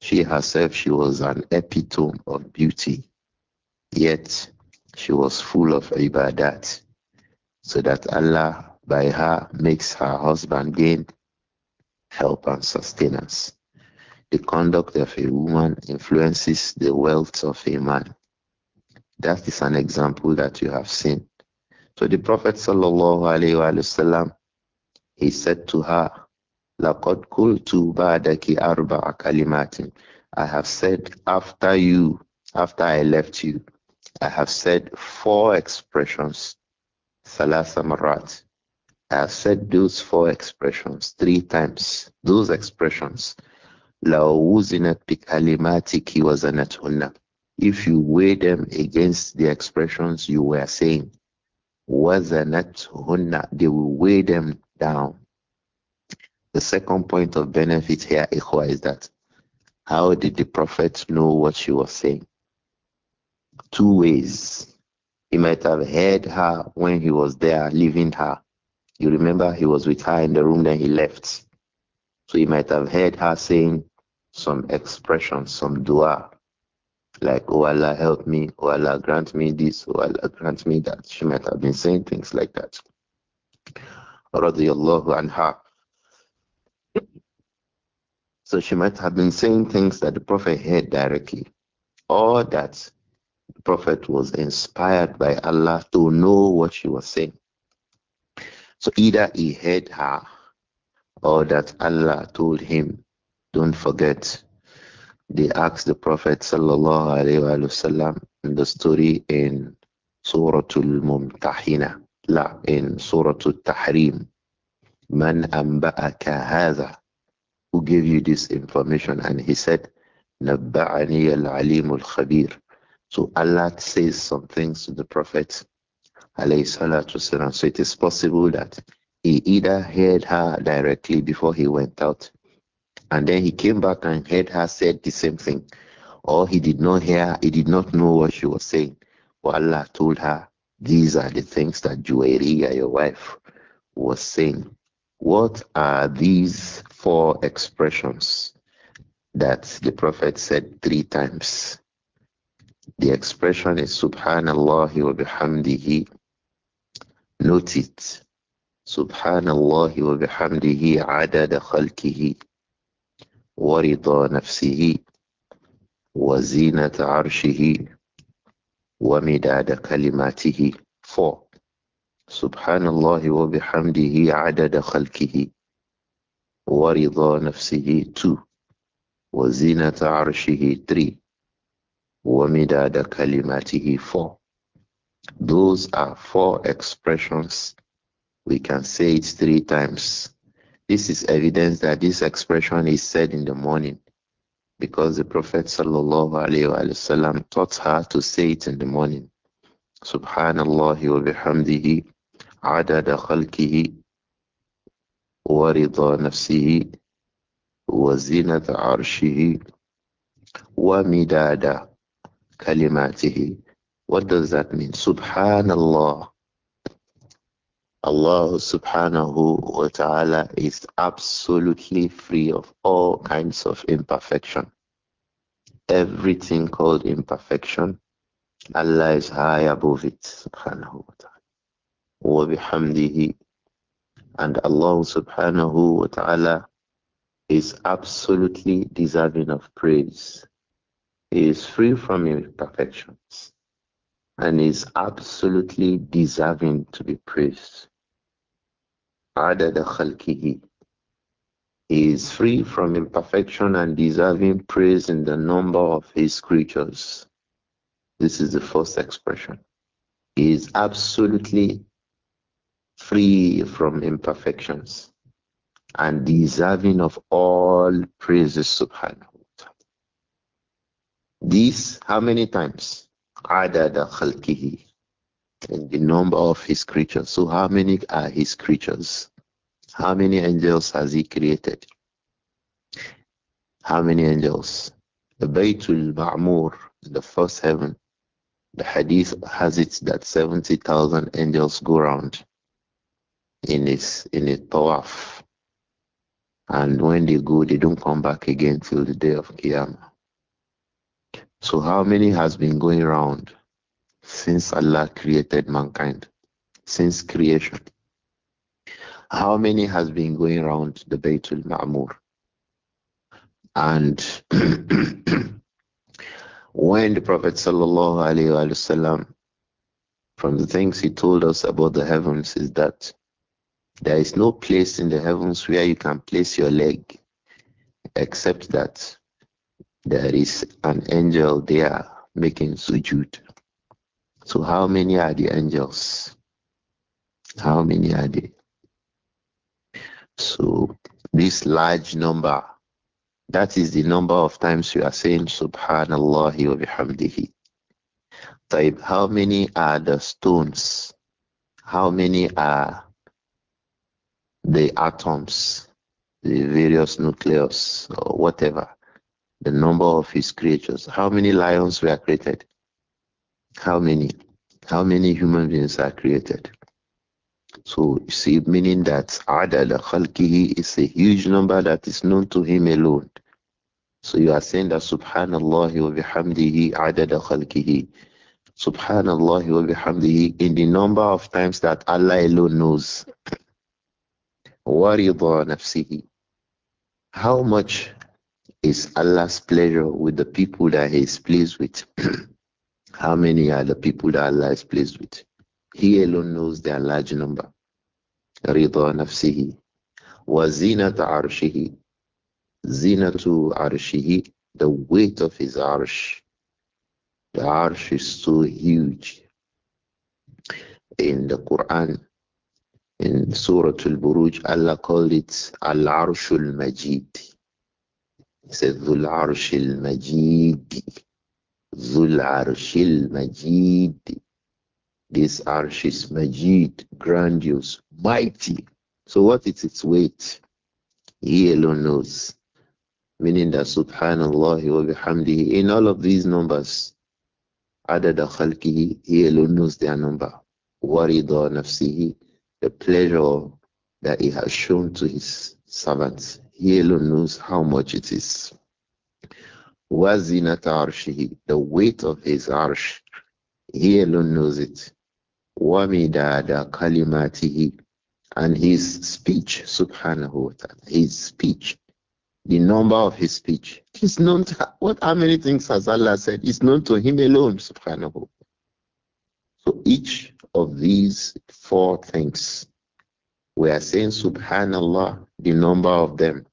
She herself, she was an epitome of beauty. Yet she was full of ibadat, so that Allah by her makes her husband gain help and sustenance. The conduct of a woman influences the wealth of a man. That is an example that you have seen. So the Prophet وسلم, he said to her, لَقَدْ قُلْتُ بَعْدَكِ أَرْبَعَ كَلِمَاتٍ I have said after you, after I left you, I have said four expressions, ثَلَاثَ marat. I have said those four expressions three times. Those expressions, لَوْ وُزِنَتْ بِكَلِمَاتِكِ وَزَنَتْهُنَّ if you weigh them against the expressions you were saying, not They will weigh them down. The second point of benefit here, Ikhwa, is that how did the Prophet know what she was saying? Two ways. He might have heard her when he was there, leaving her. You remember he was with her in the room, then he left. So he might have heard her saying some expression, some dua, like, oh Allah, help me, oh Allah, grant me this, oh Allah, grant me that. She might have been saying things like that. anha. So she might have been saying things that the Prophet heard directly, or that the Prophet was inspired by Allah to know what she was saying. So either he heard her, or that Allah told him, Don't forget, they asked the Prophet وسلم, in the story in Surah Al-Mumtahina, in Surah Al-Tahrim, Man amba'aka hadha, who gave you this information? And he said, Nabba'ani al-alim al-khabir. So Allah says some things to the Prophet so it is possible that he either heard her directly before he went out and then he came back and heard her said the same thing. Or he did not hear, he did not know what she was saying. But Allah told her, These are the things that Juwairiya, your wife, was saying. What are these four expressions that the Prophet said three times? The expression is Subhanallah wa bihamdihi. Note it. Subhanallah wa bihamdihi adada khalkihi. ورضا نفسه وزينة عرشه ومداد كلماته 4 سبحان الله وبحمده عدد خلقه ورضا نفسه 2 وزينة عرشه 3 ومداد كلماته 4 Those are four expressions. We can say it three times this is evidence that this expression is said in the morning because the Prophet وسلم, taught her to say it in the morning. Subhanallah wa bihamdihi, adada khalkihi, wa rida nafsihi, wa zinata arshihi, wa midada kalimatihi. What does that mean? Subhanallah. Allah subhanahu wa ta'ala is absolutely free of all kinds of imperfection. Everything called imperfection, Allah is high above it, subhanahu wa ta'ala. Wa bihamdihi. And Allah subhanahu wa ta'ala is absolutely deserving of praise. He is free from imperfections and is absolutely deserving to be praised. عدد خلقه he is free from imperfection and deserving praise in the number of his creatures. This is the first expression. He is absolutely free from imperfections and deserving of all praises subhanahu wa ta'ala. This how many times? Adada khalqihi. And the number of his creatures. So, how many are his creatures? How many angels has he created? How many angels? The Baytul Ba'mur, the first heaven. The hadith has it that 70,000 angels go around in its, in its tawaf. And when they go, they don't come back again till the day of Qiyamah. So, how many has been going around? since Allah created mankind, since creation. How many has been going around the Baytul Ma'mur? And (clears throat) when the Prophet wasallam, from the things he told us about the heavens is that there is no place in the heavens where you can place your leg except that there is an angel there making sujud. So how many are the angels? How many are they? So this large number, that is the number of times we are saying Subhanallah wa bihamdihi. Type, how many are the stones? How many are the atoms, the various nucleus or whatever? The number of his creatures. How many lions were created? How many? How many human beings are created? So you see, meaning that Adal Khalkihi is a huge number that is known to him alone. So you are saying that Subhanallah wa bihamdihi adada khalkihi. Subhanallah wa bihamdihi in the number of times that Allah alone knows. Warida nafsihi. How much is Allah's pleasure with the people that He is pleased with? (clears throat) How many are the people that Allah is pleased with? He alone knows their large number. رضا نفسه وزينة عرشه زينة عرشه the weight of his arsh the arsh is so huge in the Quran in Surah Al-Buruj Allah called it Al-Arsh Al-Majid he said Dhul Arsh Al-Majid Zul Arshil Majid. This Arsh is Majid, grandiose, mighty. So what is its weight? He alone knows. Meaning that Subhanallah wa bihamdihi, in all of these numbers, adada khalqihi, he alone knows their number. Warida nafsihi, the pleasure that he has shown to his servants. He alone knows how much it is. Wazinat arshihi, the weight of his arsh. He alone knows it. Wamidada kalimatihi, and his speech, subhanahu wa ta'ala, his speech, the number of his speech. It's known to, what how many things has Allah said? It's known to him alone, subhanahu. So each of these four things, we are saying subhanallah, the number of them.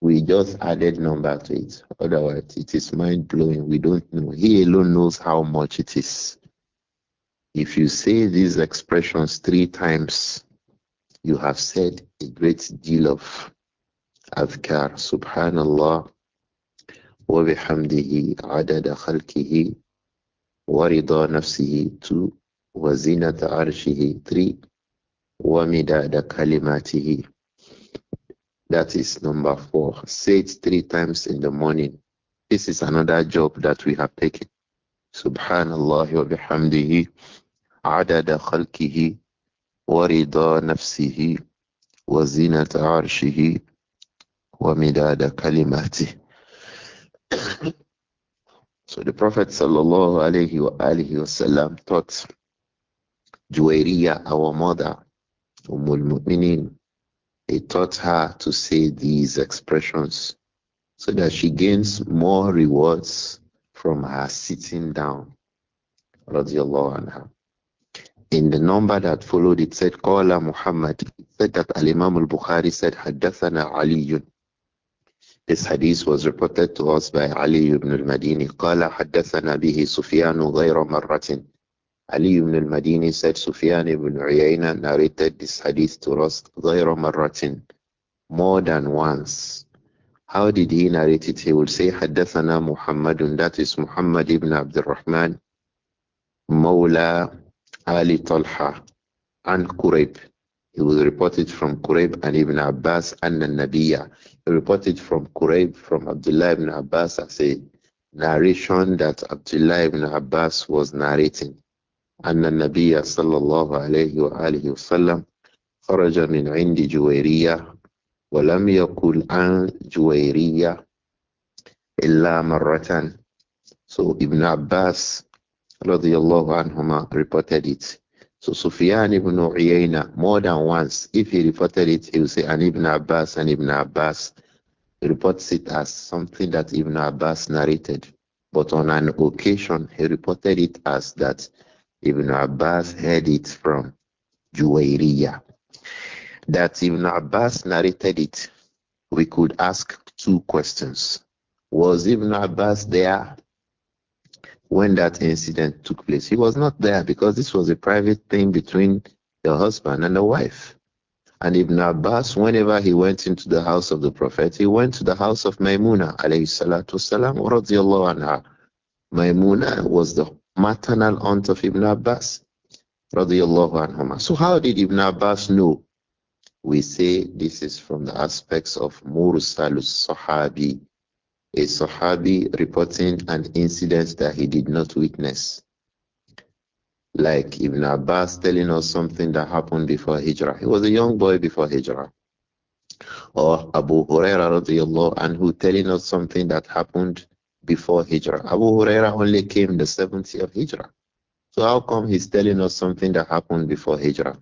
We just added number to it. Otherwise, it is mind blowing. We don't know. He alone knows how much it is. If you say these expressions three times, you have said a great deal of Subhanallah. سبحان الله Adad al-khalihi. ورضا nafsihi. 2 وزنة arshihi. 3 ومداد kalimatihi. That is number four. Say it three times in the morning. This is another job that we have taken. Subhanallah wa bihamdihi, adada khalkihi, warida nafsihi, wazinata arshihi, wa midada (coughs) so the Prophet sallallahu alayhi wa alihi wasallam taught Juwairiya, our mother, Ummul muminin he taught her to say these expressions so that she gains more rewards from her sitting down. In the number that followed, it said, Qala Muhammad. It said that Al Imam al Bukhari said, Haddathana Aliyun. This hadith was reported to us by Ali ibn al Madini. Qala Haddathana bihi Sufyanu ghayra marratin. Ali ibn al-Madini said Sufyan ibn Uyayna narrated this hadith to us غير مرة more than once. How did he narrate it? He would say حدثنا محمد that is Muhammad ibn Abdul Rahman مولى Ali Talha and Qurayb. He will report it from Qurayb and Ibn Abbas and Nabiya. He reported from Qurayb from Abdullah ibn Abbas as a narration that Abdullah ibn Abbas was narrating. أن النبي صلى الله عليه وآله وسلم خرج من عند جويرية ولم يقول عن جويرية إلا مرة So Ibn Abbas الله عنهما reported it. So Sufyan ibn Uyayna more than once, if he reported it, he will say and Ibn Abbas and Ibn Abbas reports it as something that Ibn Abbas narrated. But on an occasion he reported it as that Ibn Abbas heard it from Juwairiyah. That Ibn Abbas narrated it, we could ask two questions. Was Ibn Abbas there when that incident took place? He was not there because this was a private thing between the husband and the wife. And Ibn Abbas, whenever he went into the house of the Prophet, he went to the house of Maimuna, alayhi salatu salam, anha. Maimuna was the maternal aunt of Ibn Abbas. So, how did Ibn Abbas know? We say this is from the aspects of Mursalus Sahabi, a Sahabi reporting an incident that he did not witness. Like Ibn Abbas telling us something that happened before Hijrah. He was a young boy before Hijrah. Or Abu Huraira radiallahu anhu telling us something that happened before Hijrah. Abu Huraira only came the seventh year of Hijrah. So how come he's telling us something that happened before Hijrah?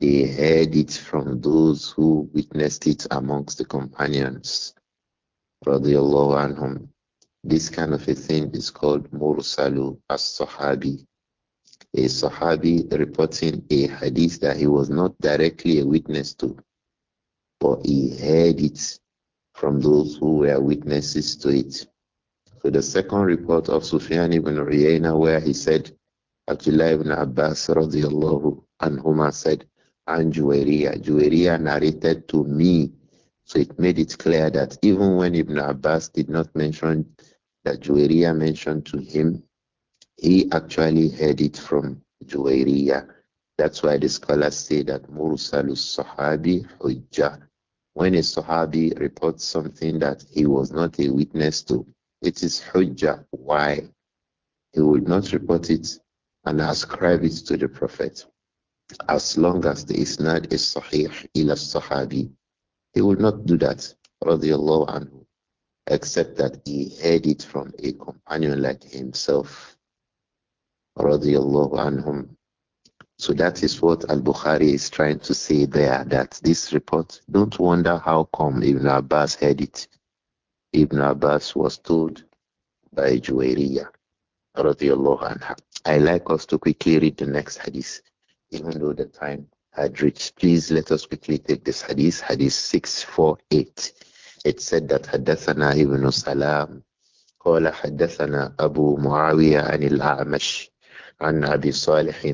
They heard it from those who witnessed it amongst the companions. anhum. This kind of a thing is called Mursalu as-Sahabi. A Sahabi reporting a hadith that he was not directly a witness to, but he heard it from those who were witnesses to it. So the second report of Sufyan ibn Uyayna where he said, Abdullah ibn Abbas radiallahu anhuma said, and narrated to me. So it made it clear that even when Ibn Abbas did not mention that Juwairiya mentioned to him, he actually heard it from Juwairiya. That's why the scholars say that Mursalus Sahabi Hujjah. When a Sahabi reports something that he was not a witness to, it is hujjah why he would not report it and ascribe it to the Prophet. As long as the isnad is sahih ila sahabi, he will not do that, radiallahu anhu, except that he heard it from a companion like himself, radiallahu anhum. So that is what Al Bukhari is trying to say there that this report, don't wonder how come Ibn Abbas heard it. Ibn Abbas was told by Juwairiyah I like us to quickly read the next hadith, even though the time had reached. Please let us quickly take this hadith, hadith 648. It said that حدثنا ابن سلام قال حدثنا أبو معاوية عن الأعمش عن أبي صالح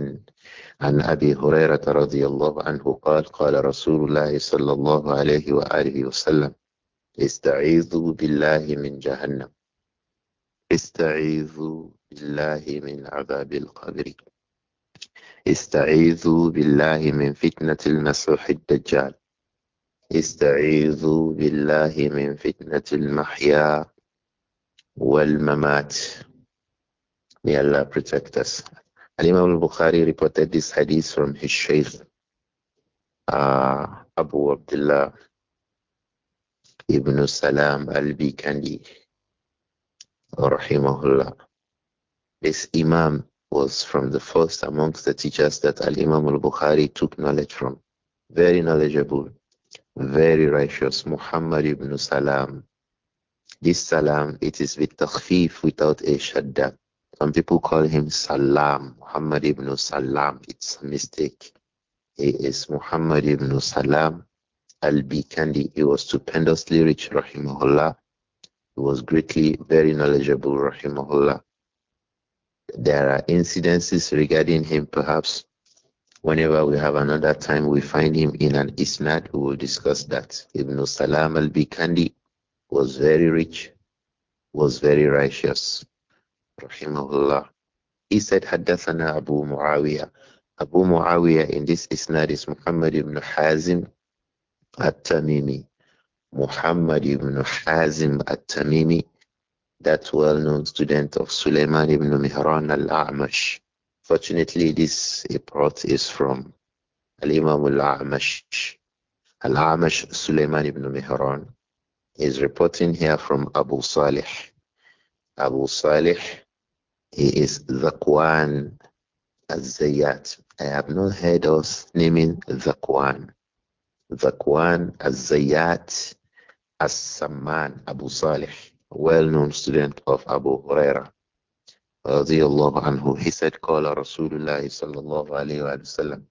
عن أبي هريرة رضي الله عنه قال قال رسول الله صلى الله عليه wa وسلم استعيذوا بالله من جهنم استعيذوا بالله من عذاب القبر استعيذوا بالله من فتنة المسوح الدجال استعيذوا بالله من فتنة المحيا والممات May Allah protect us. Al-Imam al-Bukhari reported this hadith from his Shaykh uh, Abu Abdullah Ibn Salam al-Bikandi, rahimahullah. This Imam was from the first amongst the teachers that Al-Imam al-Bukhari took knowledge from. Very knowledgeable, very righteous, Muhammad ibn Salam. This Salam, it is with takhfif, without a shadda. Some people call him Salam, Muhammad ibn Salam. It's a mistake. He is Muhammad ibn Salam al-Bikandi. He was stupendously rich, rahimahullah. He was greatly, very knowledgeable, rahimahullah. There are incidences regarding him, perhaps. Whenever we have another time, we find him in an isnad, we will discuss that. Ibn Salam al-Bikandi was very rich, was very righteous, rahimahullah. He said, Haddathana Abu Muawiyah. Abu Muawiyah in this isnad is Muhammad ibn Hazim at-Tamimi, Muhammad ibn Hazim At-Tamimi, that well-known student of Sulaiman ibn Mihran al-A'mash. Fortunately, this report is from Al-Imam al-A'mash. Al-A'mash Sulaiman ibn Mihran is reporting here from Abu Salih. Abu Salih, he is Zakwan al-Zayyat. I have not heard us naming Zakwan. Zakwan Az-Zayyat As-Samman Abu Salih, well-known student of Abu Huraira. Radiallahu anhu, he said, Qala Rasulullah sallallahu alayhi wa sallam.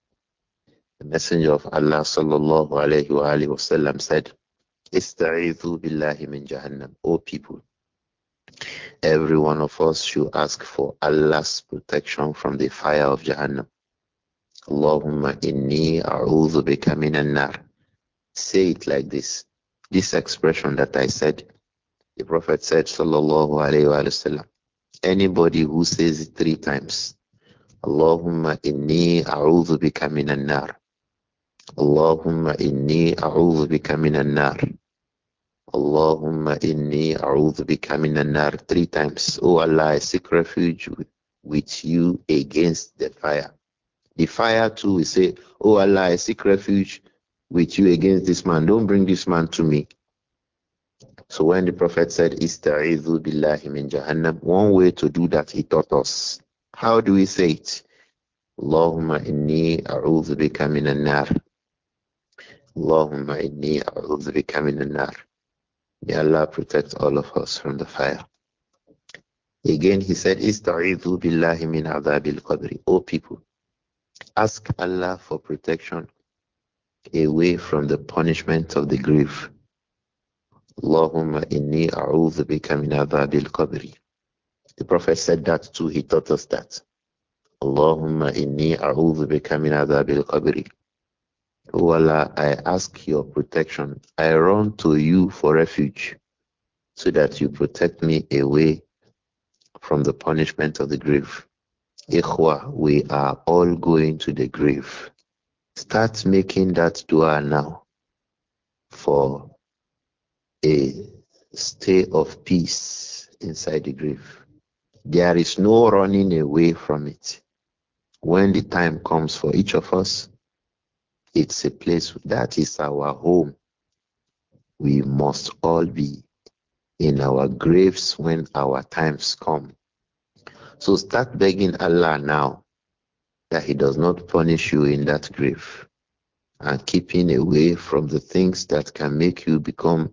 The Messenger of Allah sallallahu alayhi wa sallam said, Ista'idhu billahi min jahannam. O people, every one of us should ask for Allah's protection from the fire of Jahannam. Allahumma inni a'udhu bika minan nar. Say it like this. This expression that I said, the Prophet said, Sallallahu Alaihi Wasallam, anybody who says it three times, Allahumma inni a'udhu bika minan nar. Allahumma inni a'udhu bika minan nar. Allahumma inni a'udhu bika minan nar. Three times. Oh Allah, I seek refuge with you against the fire. The fire too, we say, Oh Allah, I seek refuge with you against this man. Don't bring this man to me. So when the Prophet said, Ista'idhu billahi min jahannam, one way to do that, he taught us. How do we say it? Allahumma inni a'udhu bika minan nar. Allahumma inni a'udhu bika minan nar. May Allah protect all of us from the fire. Again, he said, Ista'idhu billahi min adhabil qabri. O people, ask Allah for protection away from the punishment of the grave. Allahumma inni a'udhu bika min adhabil qabri. The Prophet said that too. He taught us that. Allahumma inni a'udhu bika min adhabil qabri. O Allah, I ask your protection. I run to you for refuge so that you protect me away from the punishment of the grave. Ikhwa, we are all going to the grave. Start making that dua now for a stay of peace inside the grave. There is no running away from it. When the time comes for each of us, it's a place that is our home. We must all be in our graves when our times come. So start begging Allah now that He does not punish you in that grave and keeping away from the things that can make you become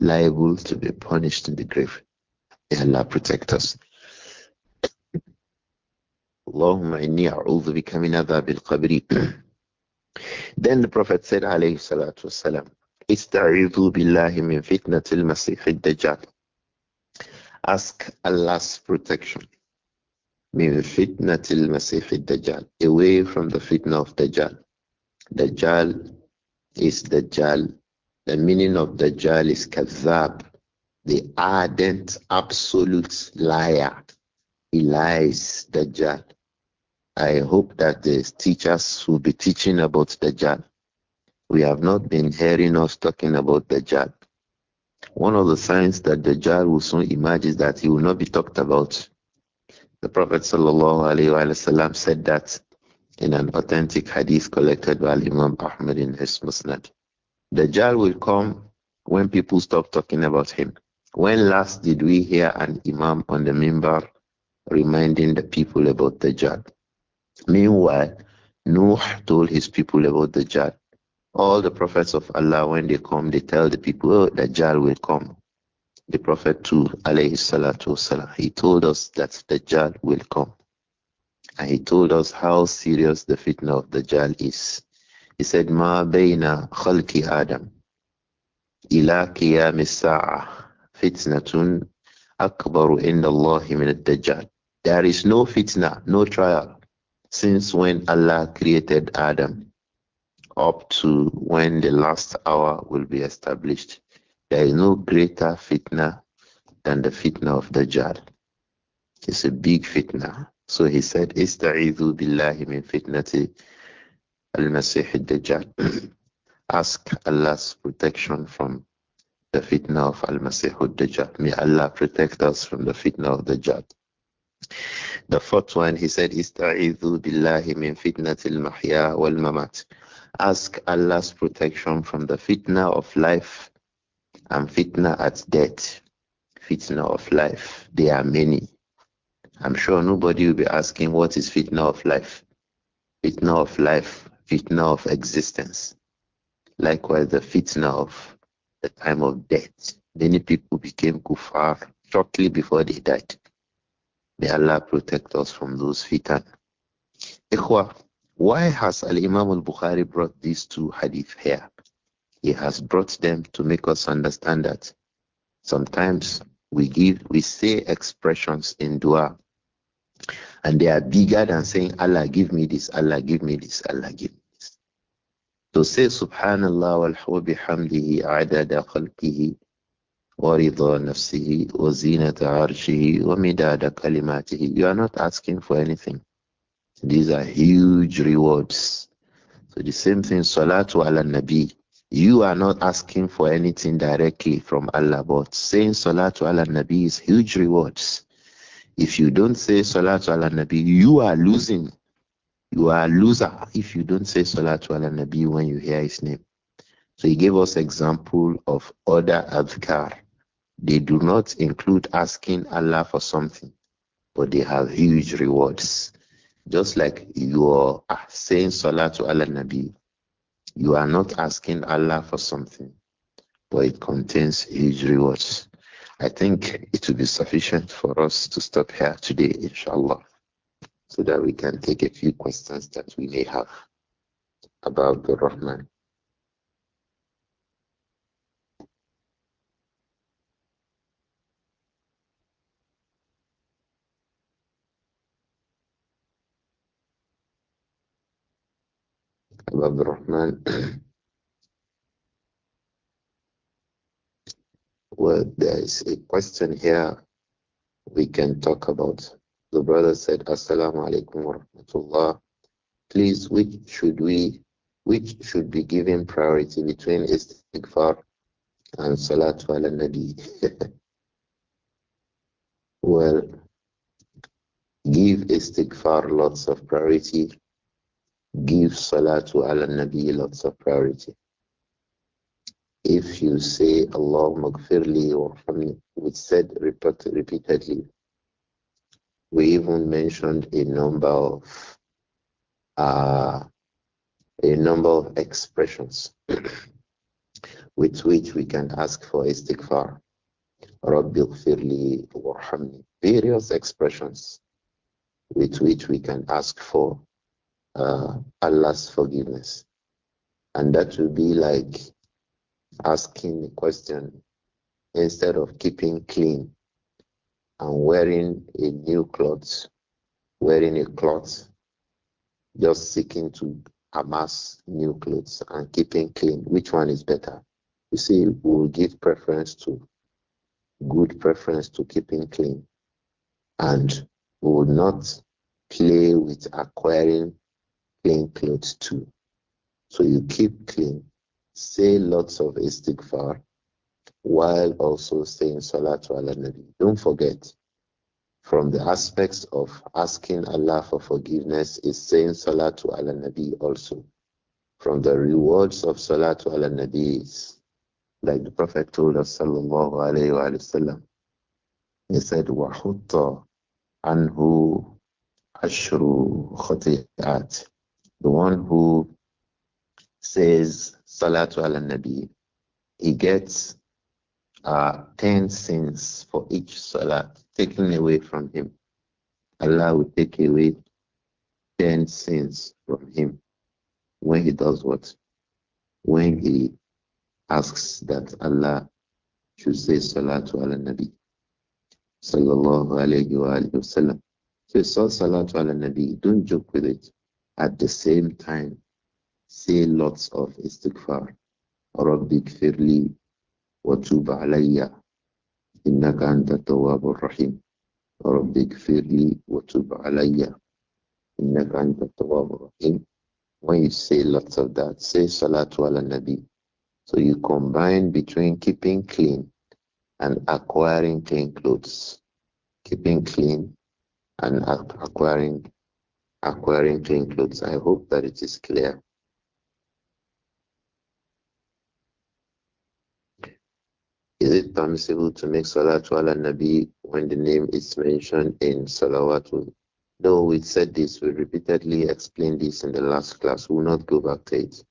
liable to be punished in the grave. Allah protect us. اللهم إني أعوذ بك من عذاب القبر Then the Prophet said "Alayhi عليه الصلاة والسلام استعيذوا بالله من فتنة المسيح الدجال Ask Allah's protection min fitnatil masih dajjal away from the fitna of dajjal dajjal is dajjal the meaning of dajjal is kadhab the ardent absolute liar he lies dajjal i hope that the teachers will be teaching about dajjal we have not been hearing us talking about dajjal one of the signs that dajjal will soon emerge is that he will not be talked about the Prophet وسلم said that in an authentic hadith collected by Imam Ahmad in his Musnad. Dajjal will come when people stop talking about him. When last did we hear an Imam on the mimbar reminding the people about Dajjal? Meanwhile, Nuh told his people about Dajjal. All the prophets of Allah, when they come, they tell the people, oh, Dajjal will come the Prophet too, alayhi salatu wasalam, he told us that the Dajjal will come. And he told us how serious the fitna of the Dajjal is. He said, Ma bayna khalki Adam ila qiyam as-sa'ah fitnatun akbaru inda Allahi min ad-Dajjal. There is no fitna, no trial since when Allah created Adam up to when the last hour will be established there is no greater fitna than the fitna of Dajjal. It's a big fitna. So he said, Ista'idhu billahi min fitnati al-Masih al-Dajjal. (clears throat) Ask Allah's protection from the fitna of al-Masih al-Dajjal. May Allah protect us from the fitna of Dajjal. The fourth one, he said, Ista'idhu billahi min fitnati al-Mahya wal-Mamat. Ask Allah's protection from the fitna of life and fitna at death, fitna of life. They are many. I'm sure nobody will be asking what is fitna of life. Fitna of life, fitna of existence. Likewise, the fitna of the time of death. Many people became kuffar shortly before they died. May Allah protect us from those fitan. Ikhwa, why has Al Imam al Bukhari brought these two hadith here? He has brought them to make us understand that sometimes we give, we say expressions in dua, and they are bigger than saying, Allah, give me this, Allah, give me this, Allah, give me this. To say, Subhanallah wa bihamdihi adada khalqihi wa nafsihi wa zinata arshihi wa al kalimatihi. You are not asking for anything. These are huge rewards. So the same thing, Salatu ala Nabi. You are not asking for anything directly from Allah, but saying Salah to Allah Nabi is huge rewards. If you don't say Salah to Allah Nabi, you are losing. You are a loser if you don't say Salah to Allah Nabi when you hear his name. So he gave us example of other adhkar. They do not include asking Allah for something, but they have huge rewards. Just like you are saying Salah to Allah Nabi, you are not asking Allah for something, but it contains huge rewards. I think it will be sufficient for us to stop here today, inshallah, so that we can take a few questions that we may have about the Rahman. عبد الرحمن well there is a question here we can talk about the brother said assalamu alaikum wa rahmatullah please which should we which should be given priority between istighfar and salatu ala nabi (laughs) well give istighfar lots of priority give salatu ala nabi lots of priority. If you say Allah magfirli or hamni, which said repeat, repeatedly, we even mentioned a number of uh, a number of expressions (clears throat) with which we can ask for istighfar. Rabbi Firli Warhamni. Various expressions with which we can ask for uh, Allah's forgiveness. And that will be like asking the question instead of keeping clean and wearing a new cloth, wearing a cloth, just seeking to amass new clothes and keeping clean. Which one is better? You see, we will give preference to good preference to keeping clean, and we will not play with acquiring clean clothes too. So you keep clean, say lots of istighfar while also saying salatul ala nabi. Don't forget, from the aspects of asking Allah for forgiveness is saying salatul ala nabi also. From the rewards of salatul ala nabi is, like the Prophet told us Salam. alayhi wa, wa sallam, he said, وَحُطَّ عَنْهُ عَشْرُ خَطِيئَاتٍ the one who says Salatu ala Nabi, he gets uh, 10 sins for each salat taken away from him. Allah will take away 10 sins from him when he does what? When he asks that Allah should say Salatu ala Nabi. Sallallahu alayhi wa, sallam. So it's all Salatu ala Nabi. Don't joke with it. At the same time, say lots of istighfar. رَبِّ اغْفِرْ wa وَتُوبْ عَلَيَّ إِنَّكَ anta التَّوَّابُ rahim. رَبِّ اغْفِرْ wa وَتُوبْ عَلَيَّ إِنَّكَ anta التَّوَّابُ rahim. When you say lots of that, say Salatu ala Nabi. So you combine between keeping clean and acquiring clean clothes. Keeping clean and acquiring acquiring clean clothes. I hope that it is clear. Is it permissible to make salatu ala nabi when the name is mentioned in salawatu? Though we said this, we repeatedly explained this in the last class. We will not go back to it.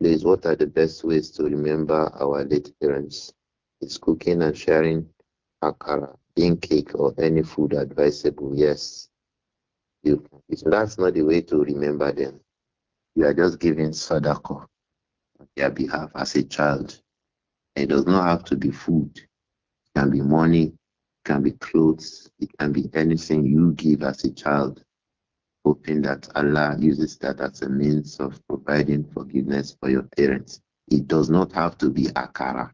Please, what are the best ways to remember our late parents? Is cooking and sharing akara, bean cake, or any food advisable? Yes so that's not the way to remember them. You are just giving Sadako on their behalf as a child. It does not have to be food. It can be money, it can be clothes, it can be anything you give as a child, hoping that Allah uses that as a means of providing forgiveness for your parents. It does not have to be akara.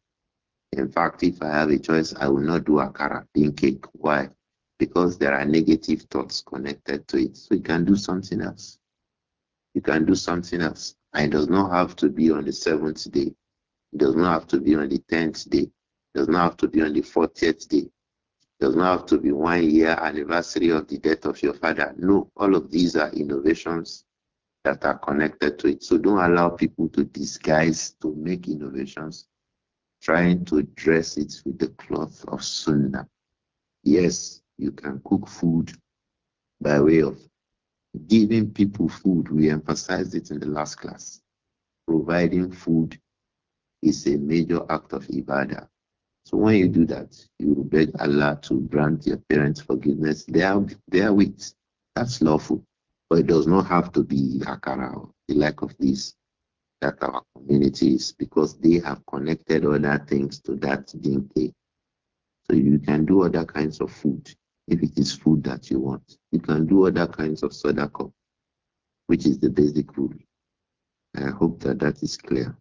In fact, if I have a choice, I will not do akara, in cake. Why? because there are negative thoughts connected to it. So you can do something else. You can do something else. And it does not have to be on the seventh day. It does not have to be on the tenth day. It does not have to be on the fortieth day. It does not have to be one year anniversary of the death of your father. No, all of these are innovations that are connected to it. So don't allow people to disguise to make innovations, trying to dress it with the cloth of Sunnah. Yes, you can cook food by way of giving people food. We emphasized it in the last class. Providing food is a major act of ibadah. So when you do that, you beg Allah to grant your parents forgiveness are with. That's lawful. But it does not have to be akara the lack of this, that our communities because they have connected other things to that dinke. So you can do other kinds of food. If it is food that you want, you can do other kinds of sadaqah, which is the basic rule. I hope that that is clear.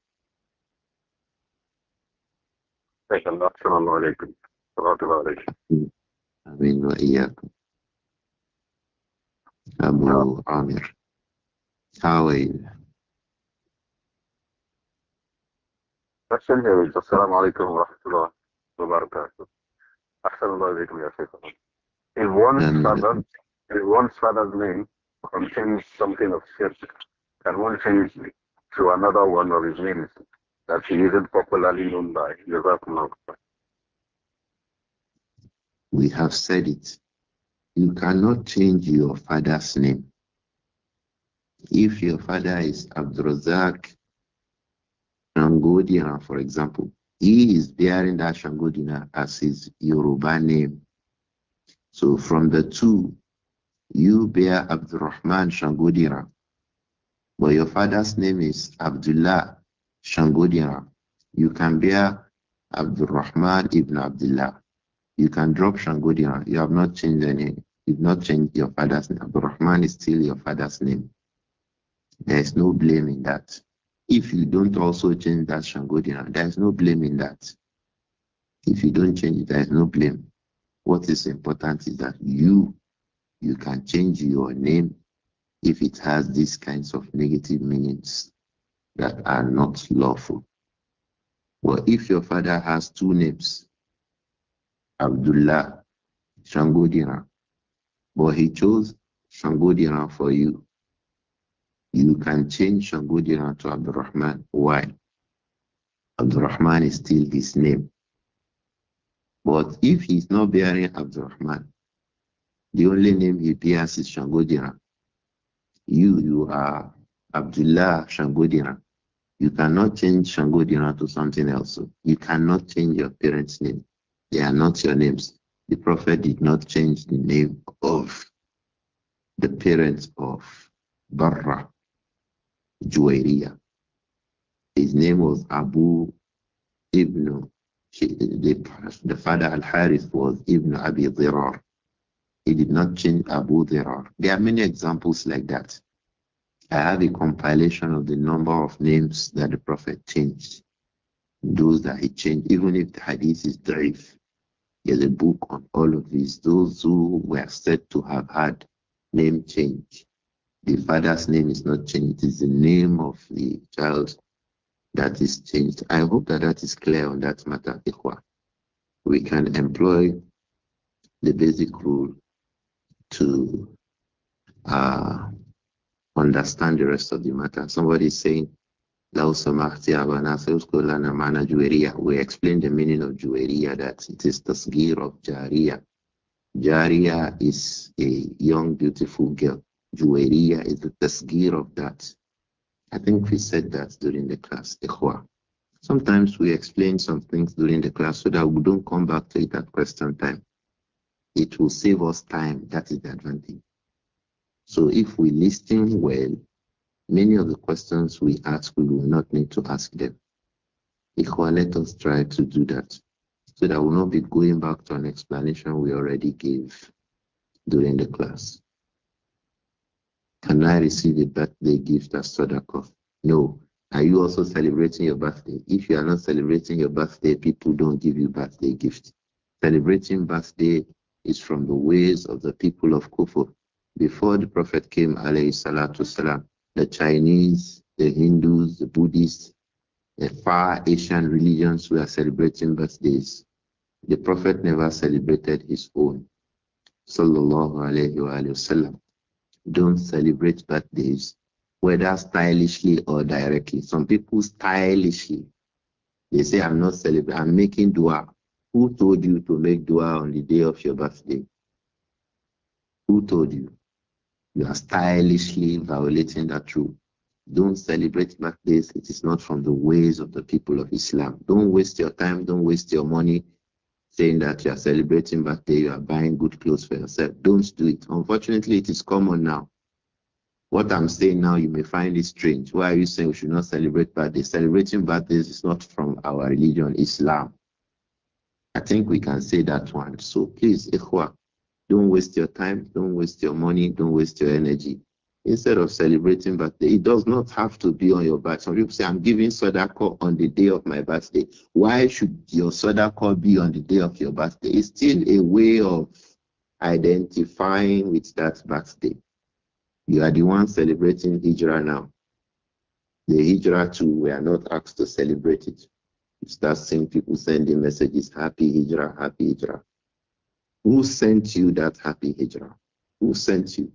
آمين وإياكم أبو عامر How are you? Question here is Assalamu alaikum wa rahmatullahi wa barakatuh. أحسن الله إليكم يا شيخنا. If one father, if one father's name contains something of shit, and one changes to another one of his names that he isn't popularly known by. We have said it. You cannot change your father's name. If your father is Abdurazak Shangodina, for example, he is bearing that Shangodina as his Yoruba name. So from the two, you bear Abdurrahman Shangodira, but your father's name is Abdullah Shangodira. You can bear Abdurrahman ibn Abdullah. You can drop Shangodira. You have not changed any. You've not changed your father's name. Abdurrahman is still your father's name. There is no blame in that. If you don't also change that Shangodira, there is no blame in that. If you don't change it, there is no blame. What is important is that you you can change your name if it has these kinds of negative meanings that are not lawful. Well, if your father has two names, Abdullah Shangodina, but he chose Shangodina for you, you can change Shangodina to Abdurrahman. Why? Abdurrahman is still his name. But if he's not bearing Abdurrahman, the only name he bears is Shangodira. You, you are Abdullah Shangodira. You cannot change Shangodira to something else. You cannot change your parents' name. They are not your names. The Prophet did not change the name of the parents of Barra, Juwairiyah. His name was Abu Ibn the, the father Al Harith was Ibn Abi Dhirar. He did not change Abu Dhirar. There are many examples like that. I have a compilation of the number of names that the Prophet changed, those that he changed, even if the hadith is da'if. There's a book on all of these. Those who were said to have had name change. The father's name is not changed, it is the name of the child that is changed. I hope that that is clear on that matter, We can employ the basic rule to uh, understand the rest of the matter. Somebody is saying, we explain the meaning of juweria that it is the tasgir of jaria. Jaria is a young, beautiful girl. Juweria is the tasgir of that. I think we said that during the class, Ikhwa. Sometimes we explain some things during the class so that we don't come back to it at question time. It will save us time. That is the advantage. So if we listen well, many of the questions we ask, we will not need to ask them. Ikhwa, let us try to do that so that we'll not be going back to an explanation we already gave during the class. Can I receive a birthday gift as Sodakoff? No. Are you also celebrating your birthday? If you are not celebrating your birthday, people don't give you birthday gifts. Celebrating birthday is from the ways of the people of Kufa. Before the Prophet came, alayhi salatu salam, the Chinese, the Hindus, the Buddhists, the far Asian religions were celebrating birthdays. The Prophet never celebrated his own. Sallallahu alayhi wa, alayhi wa don't celebrate birthdays, whether stylishly or directly. Some people stylishly, they say, I'm not celebrating, I'm making dua. Who told you to make dua on the day of your birthday? Who told you? You are stylishly violating that rule. Don't celebrate birthdays. It is not from the ways of the people of Islam. Don't waste your time. Don't waste your money saying that you are celebrating birthday, you are buying good clothes for yourself. Don't do it. Unfortunately, it is common now. What I'm saying now, you may find it strange. Why are you saying we should not celebrate birthdays? Celebrating birthdays is not from our religion, Islam. I think we can say that one. So please, Ikhwa, don't waste your time, don't waste your money, don't waste your energy instead of celebrating birthday. It does not have to be on your birthday. Some people say, I'm giving Sadako on the day of my birthday. Why should your Sadako be on the day of your birthday? It's still a way of identifying with that birthday. You are the one celebrating Hijrah now. The Hijrah too, we are not asked to celebrate it. You start seeing people sending messages, happy Hijrah, happy Hijrah. Who sent you that happy Hijrah? Who sent you?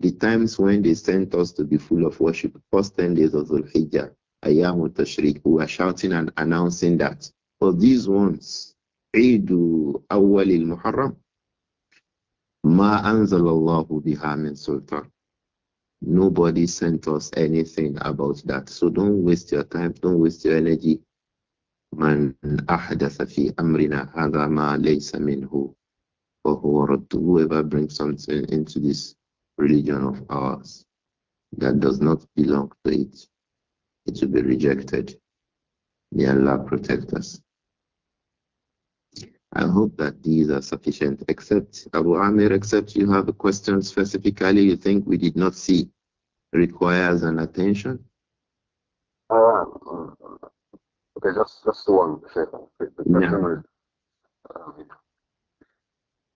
The times when they sent us to be full of worship, first 10 days of Dhul Hijjah, ayam Tashriq, we were shouting and announcing that for these ones, Eidu Awwal Muharram, Ma Allahu biha min sultan. Nobody sent us anything about that. So don't waste your time, don't waste your energy. Man أحدث في أمرنا هذا ما ليس منه whoever brings something into this religion of ours that does not belong to it, it will be rejected. May Allah protect us. I hope that these are sufficient, except Abu Amir, except you have a question specifically you think we did not see requires an attention. Uh, uh okay, just, just one, Sheikh. The question yeah. is, um,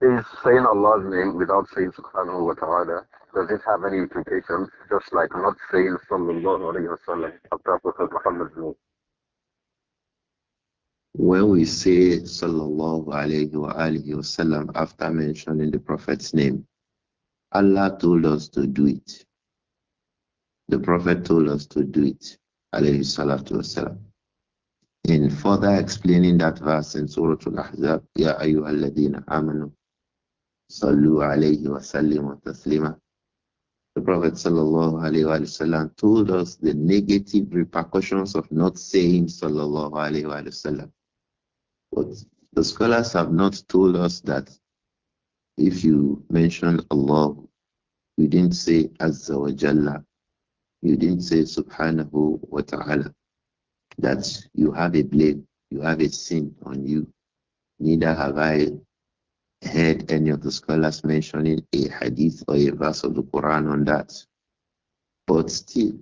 is saying Allah's name without saying Subhanahu wa Ta'ala, does it have any implications? Just like not saying Sallallahu Alaihi Wasallam after Prophet Muhammad's name. When we say Sallallahu Alaihi Wasallam after mentioning the Prophet's name, Allah told us to do it. The Prophet told us to do it. Alayhi salatu wasalam. In further explaining that verse in Surah Al-Ahzab, Ya ayyuhalladina amanu Sallu alayhi wa The Prophet sallallahu alayhi wasallam told us the negative repercussions of not saying sallallahu alayhi wasallam. But the scholars have not told us that if you mention Allah, you didn't say Azza wa Jalla, you didn't say Subhanahu wa Ta'ala, that you have a blame, you have a sin on you. Neither have I heard any of the scholars mentioning a hadith or a verse of the Quran on that. But still,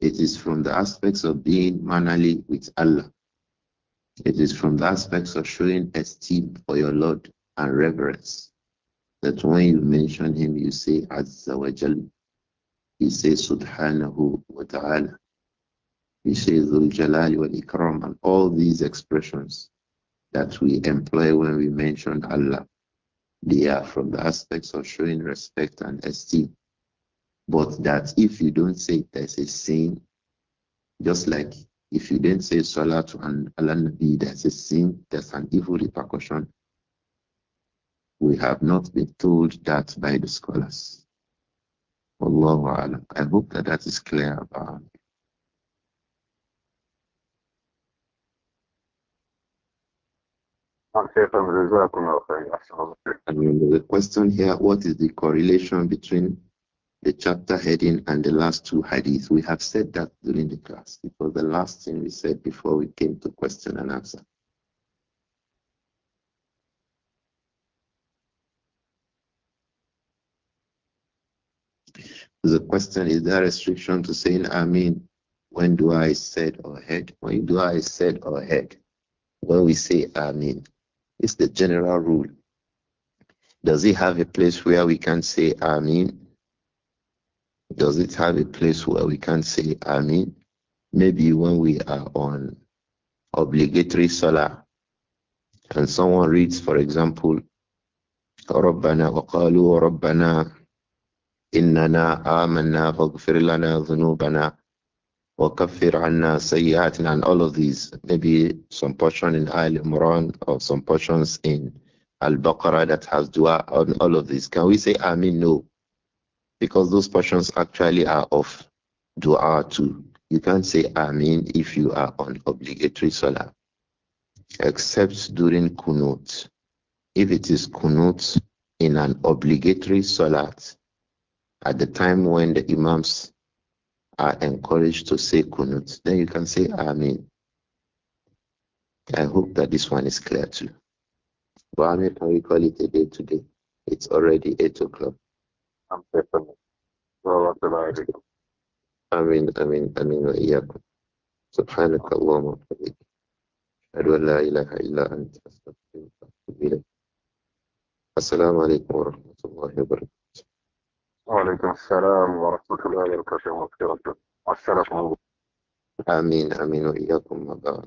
it is from the aspects of being mannerly with Allah. It is from the aspects of showing esteem for your Lord and reverence that when you mention Him, you say Azza wa Jal. You say Subhanahu wa Ta'ala. You say Dhul Jalal wa Ikram and all these expressions that we employ when we mention Allah. They are from the aspects of showing respect and esteem. But that if you don't say it there's a sin, just like if you didn't say Salah to an Al-Nabi, there's a sin, there's an evil repercussion. We have not been told that by the scholars. Wallahu alam. I hope that that is clear about the question here What is the correlation between the chapter heading and the last two hadith? We have said that during the class. It was the last thing we said before we came to question and answer. The question is there restriction to saying mean"? when do I said or head? When do I said or head? When we say mean"? It's the general rule. Does it have a place where we can say Amin? Does it have a place where we can say Amin? Maybe when we are on obligatory salah and someone reads, for example, ربنا وقالوا ربنا إننا آمنا فاغفر لنا ذنوبنا وكفر عنا سيئاتنا and all of these maybe some portion in Al Imran or some portions in Al Baqarah that has dua on all of these can we say Amin no because those portions actually are of dua too you can't say Amin if you are on obligatory salah except during kunut if it is kunut in an obligatory salat at the time when the imams are encouraged to say kunut, then you can say Amin. I hope that this one is clear too. But how many can we call it a day today? It's already 8 o'clock. I'm prepared. آمين آمين آمين وإياكم سبحانك اللهم وبحمدك أشهد أن لا إله إلا أنت أستغفرك وأتوب إليك السلام عليكم ورحمة الله وبركاته وعليكم السلام ورحمة الله وبركاته وبركاته السلام السلامة آمين آمين وإياكم